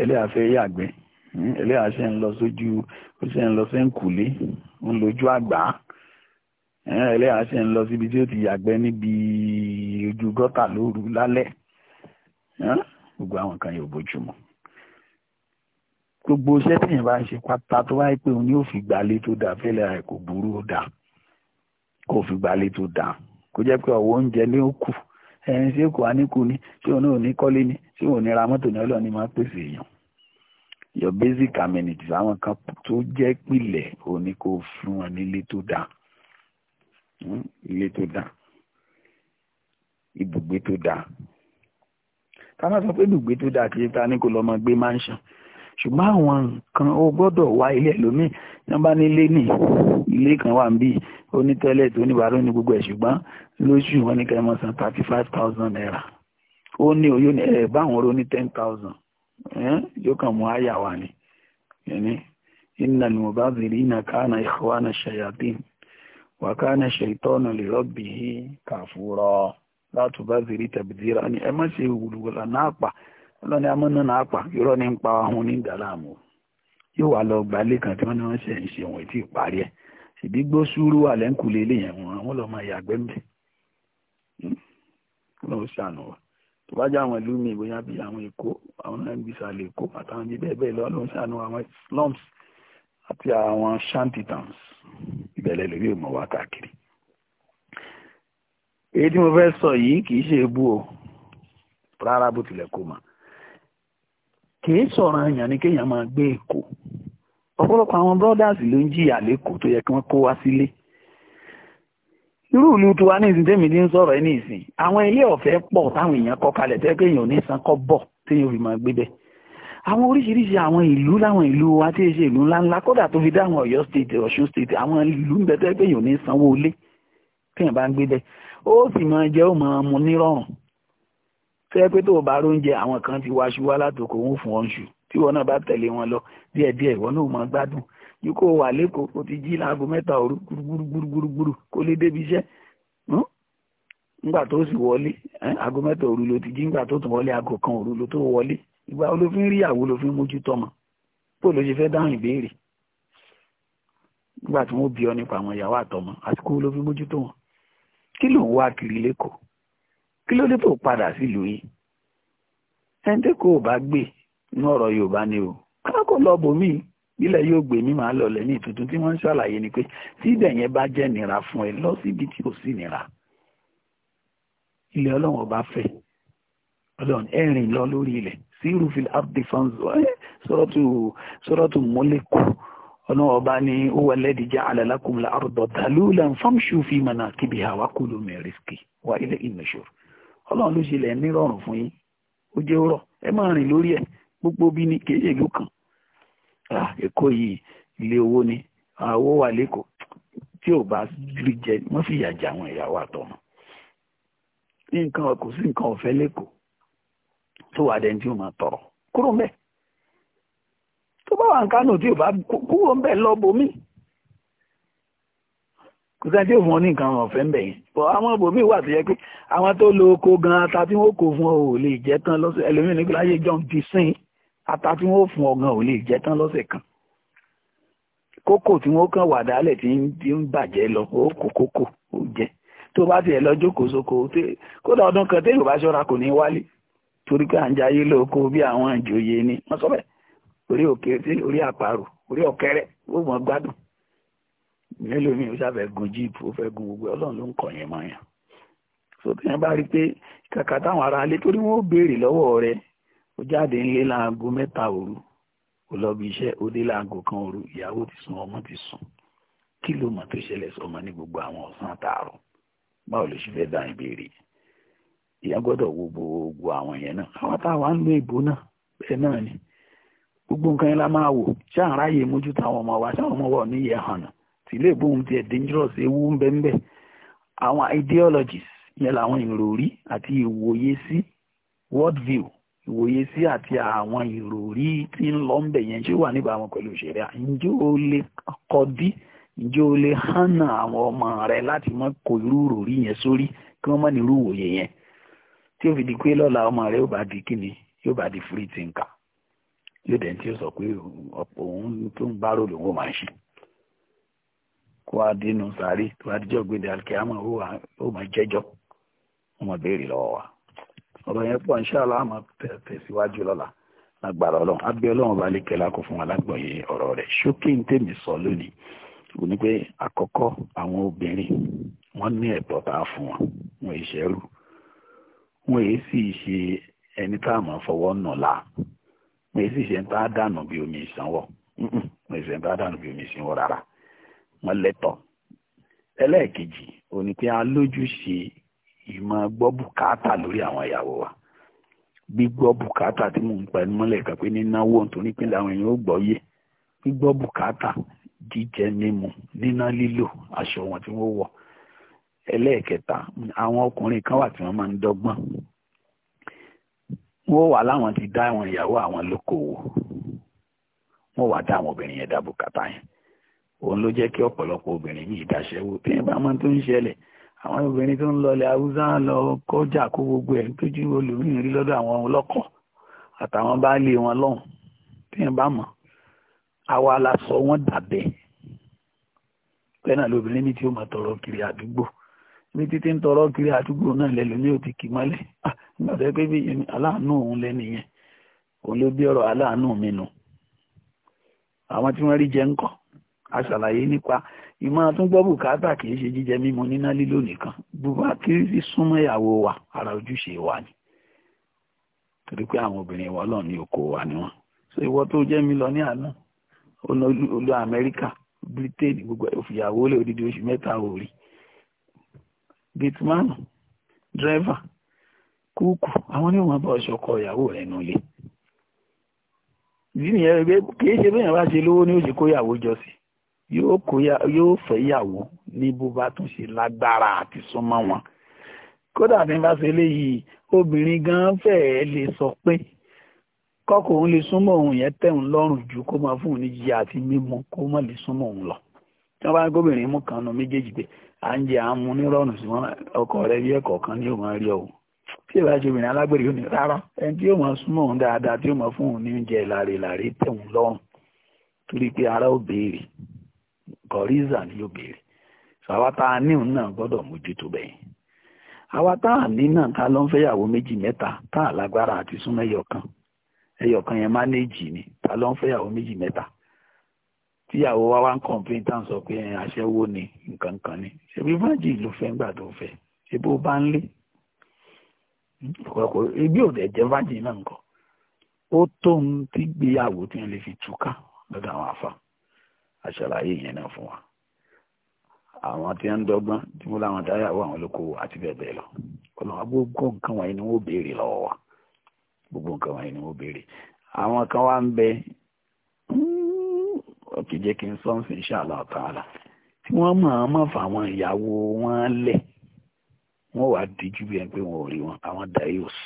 ẹlẹ́yà fẹ́ yàgbẹ́ hmm? ẹlẹ́yà ṣe ń lọ sójú ó ṣe ń lọ sẹ́ńkùlé ń lójú àgbà ẹlẹ́yà ṣe ń lọ síbi tí ó ti yàgbẹ́ níbi ojú gọ́tà lóru lálẹ́ gbogbo àwọn kan yóò bójú mu gbogbo iṣẹ́ tí yẹn bá ń ṣe pátá tó wáyé pé òun ni ó fi gbalé tó dáa fẹ́lẹ́ rẹ̀ kò burú ó dáa kò fi gbalé tó dáa kò jẹ́ pé ọ̀wọ́ oúnjẹ lé ó kù ẹ̀yìn sí èkó aníkù ni tí òun náà ní kọ́lé ni tí òun ní ra mọ́tò ní ọlọ́ọ̀ni máa pèsè èèyàn your basic amenities àwọn kan tó jẹ́ pìlẹ̀ òun ni kò fún wọn nílé tó dáa Hmm? ilé tó dáa ibùgbé tó dáa ká má sọ pé ibùgbé tó dáa kì í ta ní kó lọ́mọ gbé mansion ṣùgbọ́n àwọn nǹkan ó gbọ́dọ̀ wá ilé ẹlòmíì yẹn bá nílé nì ilé kan wà níbí ó ní tẹ́lẹ̀ tó ní bàálù ní gbogbo ẹ̀ ṣùgbọ́n lóṣù wọn ní kẹ́mọ́ san thirty five thousand naira ó ní oyún ní ẹ̀ báwọn ro ní ten thousand yóò kàn mú àyà wà ní ìnà ni mo bá zèrè ìnà káànà ìhọ́wà náà ṣàyàtì wàkánà ṣètọ́nù lè rọ́bì yìí kàfúrọ́ láti bá zèrè tàbí zèrè ni ẹ má ṣe wùlùwùlà náà pa ọlọ́ni amọ́nà náà pa irọ́ ní ń pa ahun ní ìdálàmú yóò wá lọ gba ilé kan tí wọ́n ní wọ́n ṣe ń ṣe wọ́n ti parí ẹ̀ ṣèbí gbó sùúrù wà lẹ́ńkulé ilé wọn àwọn lọ́mọ ìyàgbẹ́ ń bẹ̀ hmm. lọ́wọ́ ṣàánú wa tó bá jẹ́ àwọn ìlú mi ìbòyá bíi àwọn èkó àwọn náà ń èkó àtàwọn ibi bẹ́ẹ̀ bẹ́ẹ̀ lọ́wọ́ lọ́wọ́ ṣàánú àwọn slums àti àwọn shanty towns ìbẹ̀lẹ̀ lórí òmò wá káàkiri èyí tí mo fẹ́ sọ yìí kì í ṣe ebú o rárá bó tilẹ̀ kó mà kì í sọ̀rọ̀ èèyàn ni kéèyàn máa gbé èkó ọ̀pọ̀lọpọ̀ àwọn brothers ló ń jìyà lẹ́kọ̀ọ́ tó yẹ kí wọ́n kó wá sílé irú ìlú tiwa ní ìsìn tèmi ti ń sọ̀rọ̀ ẹ ní ìsìn àwọn ilé ọ̀fẹ́ pọ̀ táwọn èèyàn kọ́ kalẹ̀ tẹ́ kéèyàn ò ní san kọ́ bọ̀ téèyàn ò fi máa gbé bẹ́ẹ̀ àwọn oríṣiríṣi àwọn ìlú láwọn ìlú wa tí ṣe ìlú ńláńlá kódà tó fi dá àwọn Ọ̀yọ́ state Ọ̀ṣun state àwọn ìlú ń bẹ pé yòó ní sanwó ilé téèyàn bá ń gbé bẹ ó sì máa jẹ ó máa mu nírọ̀rùn tó pé tó o bá róúnjẹ àwọn kan ti wáṣu wá látòkò wọn fún ọṣù tí wọn náà bá tẹ̀lé wọn lọ díẹ̀díẹ̀ ìwọ náà máa gbádùn yìí kó o wà lẹ́kọ̀ọ́ o ti jí láago mẹ́ta òru gbúrúgbúrúgbúrú kó lè débi iṣẹ́ ńgbà hm? tó sì wọlé aago mẹ́ta òru ló ti jí ńgbà tó tún wọlé aago kan òru ló tó wọlé ìgbà olófin rí ìyàwó olófin mójú tọmọ bó ló ṣe fẹ́ dáhùn ìbéèrè nígbà tí wọ́n bí ọ nípa àwọn ìyàwó àtọmọ àsìkò olófin mójú tó wọn kí ló ń wá kiri lẹ́kọ̀ọ́ kí ló dé tó padà sílùú yìí ẹni tí kò bá gbé ní ọ̀rọ̀ Yorùbá ni o kákò lọ bòmí ilẹ̀ yóò gbé mi máa lọ lẹ́yìn tuntun tí wọ́n ń ṣàlàyé ni pé tí ibẹ̀ yẹn bá jẹ́ nira fún ẹ lọ síbi tí ò sí nira ilẹ̀ ọlọ́run ọba fẹ́ ọlọ́run ẹ̀rìn lọ lórí ilẹ̀ síru fi abdi fanzu ẹ eh, sọ́rọ́tù sọ́rọ́tù mọ́lẹ́kù ọ̀nà ọba ni ó wà lẹ́dí jẹ́ alẹ́lákùnlá fi mọ̀nà kíbi àwa kúlù wà ilẹ̀ ìnàṣọ́ ọlọ́run ló ṣẹlẹ̀ nírọ̀rùn fún yín ó jẹ́ rọ̀ ẹ máa rìn lórí ẹ̀ gbogbo bí ìlú kan tó wà dẹni tí ó máa tọrọ kúrò mbẹ tó bá wà ń kánò tí ò bá kúrò mbẹ lọ bomi kò sáà tí ò fún ọ ní nǹkan ọ̀fẹ́ mbẹ yẹn bọ àwọn bomi wà tó yẹ pé àwọn tó lo oko gan ata tí wọn kò fún ọ ò lè jẹ tán lọ́sẹ̀ ẹlòmíràn nígbà láyé john ti sìn ata tí wọn fún ọ gan ò lè jẹ tán lọ́sẹ̀ kan kókò tí wọn kàn wà dálẹ̀ tí ń bàjẹ́ lọ ó kò kókò ó jẹ tó bá tiẹ̀ lọ jókòó sóko kódà ọdún kan téèyàn bá ṣọ́ra kò ní wálé torí pé à ń jayé lóko bí àwọn ìjòyè ni wọ́n sọ bẹ́ẹ̀ orí òkè tí orí àparò orí ọ̀kẹ́rẹ́ ó mọ̀ gbádùn mélòó mi ò sáfẹ́ gun jíìpù ó fẹ́ gun gbogbo ọlọ́run ló ń kọ̀ yẹn mọ́ yẹn so tí yẹn bá rí i pé kàkà táwọn ará ilé torí wọn ò béèrè lọ́wọ́ rẹ ó jáde ńlé láago mẹ́ta òru ó lọ bí iṣẹ́ ó dé láago kan òru ìyàwó ti sùn ọmọ ti sùn kí ló mọ̀ tó ṣẹlẹ̀ sọmọ ní gbogbo àwọn ọ̀sán àtààrọ̀ báwo ló ṣe fẹ́ dá ìbéèrè yẹn ìyá gbọ́dọ̀ wo gbogbo àwọn yẹn náà àwọn táwa ń lo ìbò náà bẹ́ẹ̀ náà ni gbogbo nǹkan yẹn la máa wò ṣé àwọn aráyè mójútó àwọn ọmọ wa ṣé àwọn ọmọ wa ò ní yẹ hàn tí ewu ń bẹ ń àwọn ideologies yẹn làwọn ìròrí àti ìwòye sí world view ìwòye sí àti àwọn ìròrí tí ń lọ ń bẹ yẹn ṣé wà níbàámu pẹ̀lú òṣèré ǹjẹ́ o lè kọ́dí ǹjẹ́ o lè hànà àwọn ọmọ rẹ láti tí ó fi di pé lọ́la ọmọ rẹ̀ yóò bá di kíni yóò bá di free thinker yóò dẹ̀ tí ó sọ pé ọ̀pọ̀ òun tó ń bá ròlù òun máa ń ṣe kó a dínú sáré tó a díjọ́ gbéde alkeama ó máa jẹ́jọ́ ó máa béèrè lọ́wọ́ wa ọ̀rọ̀ yẹn pọ̀ nṣàlá á máa tẹ̀síwájú lọ́la lágbára ọlọ́run á bí ọlọ́run bá lè kẹlá kó fún wa lágbọ̀nyé ọ̀rọ̀ rẹ̀ ṣókí ń tèmi sọ lónìí ò ní pé àkọ́kọ́ àwọn obìnrin wọ́n ní ẹ̀tọ́ tá a fún wọn wọn ìṣẹ́rù wọn èyí sì ṣe ẹni tá a máa fọwọ́ nù la wọn èyí sì ṣe ẹni tá dànù bí omi ìsanwó wọn sì ṣe omi rárá wọn lẹ́tọ̀ ẹlẹ́ẹ̀kejì òní pé a lójúṣe ìmọ̀ gbọ́ bùkátà lórí àwọn ìyàwó wa bùkátà tí mò ń pa ẹnu mọ́lẹ̀ kan pé nínáwó èèyàn ó gbọ́ yé gbígbọ́ bùkátà jíjẹ mímu ẹlẹ́ẹ̀kẹta àwọn ọkùnrin kan wà tí wọ́n máa ń dọ́gbọ́n wọ́n wà láwọn ti dá àwọn ìyàwó àwọn lókòwò wọ́n wà dá àwọn obìnrin yẹn dá bùkátà yẹn òun ló jẹ́ kí ọ̀pọ̀lọpọ̀ obìnrin yìí dáṣẹ́wó tí ẹ bá máa tó ń ṣẹlẹ̀ àwọn obìnrin tó ń lọlẹ̀ haúsá lọ kọjá kó gbogbo ẹ̀ tójú olùmíràn rí lọ́dọ̀ àwọn ọlọ́kọ̀ àtàwọn baálé wọn lọ́hùn tí ẹ mọ̀ àwa la sọ wọ́n dàbẹ́ pẹ́ lóbìnrin ní tí ó máa tọrọ kiri àdúgbò bí títí ń tọrọ kiri àdúgbò náà lẹ́lò ní òtí kì mọ́lẹ̀ nígbà ah, tó yẹ pé bí aláàánú òun lẹ́nu yẹn òun ló bí ọ̀rọ̀ aláàánú mi nù àwọn tí wọ́n rí jẹ ń aṣàlàyé nípa ìmọ̀ àtúngbọ́ bùkátà kì í ṣe jíjẹ mímu níná lílo nìkan bùbákiri sí súnmọ́ ìyàwó wa ara ojúṣe wa ni torí pé àwọn obìnrin wọn lọ ní oko wa ni wọn so ìwọ tó jẹ́ mi lọ ní àná olú Amẹ́ríkà Britain gbogbo òfìyàwó lè odidi oṣù mẹ́ta òòrì gate márùn dírẹ́fà kúùkù àwọn ní òun bá ọṣọ kọ ìyàwó rẹ̀ nù lé ìdí nìyẹn pé kìí ṣe bẹ́yàn bá ṣe lówó ní ó ṣe kó ìyàwó jọ sí yóò fẹ́ ìyàwó ní bó bá tún ṣe lágbára àti súnmọ́ wọn kódà ní bá ṣe léyìí obìnrin gan fẹ́ẹ́ lè sọ pé kọ́kọ́ òun lè súnmọ́ òun yẹn tẹ̀hún lọ́rùn ju kó máa fún òun ní jíjẹ àti mímu kó má lè súnmọ́ òun lọ tí wọ́n bá gómìnà mú kan nu méjèèjì pé à ń jẹ à ń mu nírọ̀nù wọn ọkọ rẹ bí ẹ̀kọ́ kan ní o rí ọ̀hún tí ìbá ṣe alágbèrè yóò ní rárá ẹni tí yóò mọ súnmọ́ òun dáadáa tí yóò mọ fún òun ní oúnjẹ tẹ̀wọ̀n lọ́rùn torí pé ara ò béèrè kọ̀rízà ni yóò béèrè àwa a ní òun náà gbọ́dọ̀ mójútó bẹ́ẹ̀ àwa tá a ní náà méjì mẹ́ta tá a lágbára àti súnmọ́ mánéèjì ni ló ń fẹ́ tíyàwó wa wá ń complain tán sọ pé aṣẹ́wó ni nǹkan kan ni ṣebí fájì ló fẹ́ ńgbà tó fẹ́ ṣe bó bá ń lé ọ̀pọ̀lọpọ̀ ebi ò dẹ̀ jẹ́ fájì náà nǹkan ó tóun tí gbéyàwó tí wọ́n lè fi túká lọ́dọ̀ àwọn afa aṣàlàyé yẹn náà fún wa àwọn tí wọ́n ń dọ́gbọ́n tí wọ́n láwọn dáyàwó àwọn olóko àti bẹ́ẹ̀ bẹ́ẹ̀ lọ gbogbo nǹkan wọ̀nyí ni wọ́n béèrè lọ́wọ́ wa gbogbo nǹkan wọ̀nyí ni wọ́n béèrè àwọn kan wá ń bẹ ọ̀kì jẹ́ kí n sọ́ọ̀sì ìṣàlá ọ̀tàlá tí wọ́n mọ̀ọ́mọ̀ fà àwọn ìyàwó wọn lẹ̀ wọ́n wàá díjú bí ẹni pé wọn ò rí wọn àwọn dayos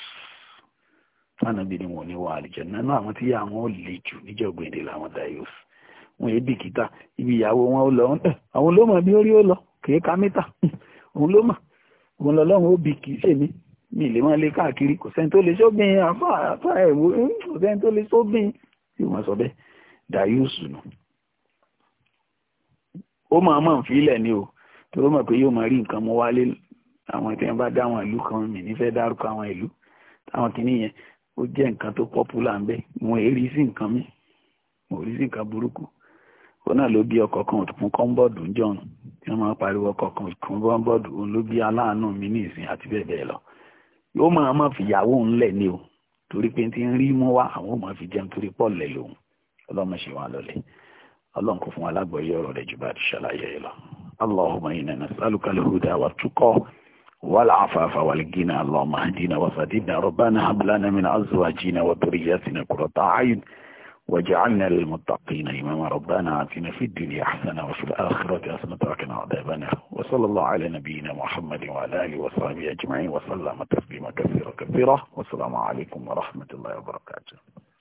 fánàbí ni wọn ò ní wọ àlìjẹ nínú àwọn tí àwọn ò lè jù níjọ gbèdè làwọn dayos wọn yé bìkítà ibi ìyàwó wọn ò lọ eh, àwọn ló mọ̀ bí ó rí ó lọ kìí ka mítà òun ló mọ̀ òun lọ lọ́run ó bì kìí ṣèmi mi lè máa lé káàkiri kò sẹ́ni tó lè sóbìn àfa àfa ẹ̀wò kò sẹ́ni tó lè sóbìn tí wọ́n sọ bẹ́ẹ̀ dayos nù. No ó máa mọ̀ fi ilẹ̀ ni o tó o mọ̀ pé yóò máa rí nǹkan mú wálé àwọn tí wọ́n bá dá àwọn ìlú kan mì nífẹ̀ẹ́ dárúkọ àwọn ìlú táwọn kìíní yẹn ó jẹ́ nǹkan tó pọ́pùlà ń bẹ mo èrí sí nǹkan mi mo rí sí nǹkan burúkú òun náà ló bí ọkọ̀ kan òtún kọ́ńbọ̀dù ń jọ̀run tí wọ́n máa pariwo ọkọ̀ kan òtún kọ́ńbọ̀dù òun ló bí aláàánú mi ní ìsìn àti bẹ́ẹ̀ bẹ́ẹ̀ lọ yóò máa mọ̀ fìyàwó ńlẹ̀ ni o torí pé ti ń rí mú wá àwọn ò mọ̀ fi jẹun torí pọ̀ lẹ̀ lòun ọlọ́mọ ṣe wà lọ́lẹ̀ اللهم كفوا على بويور لجبال الشلايا إله اللهم إنا نسألك الهدى والتقى والعفاف والغنى اللهم اهدنا وفدينا ربنا هب لنا من أزواجنا وذرياتنا قرة أعين وجعلنا للمتقين إماما ربنا آتنا في الدنيا حسنة وفي الآخرة حسنة وقنا عذابنا وصلى الله على نبينا محمد وعلى آله وصحبه أجمعين وسلم تسليما كثيرا كثيرا والسلام عليكم ورحمة الله وبركاته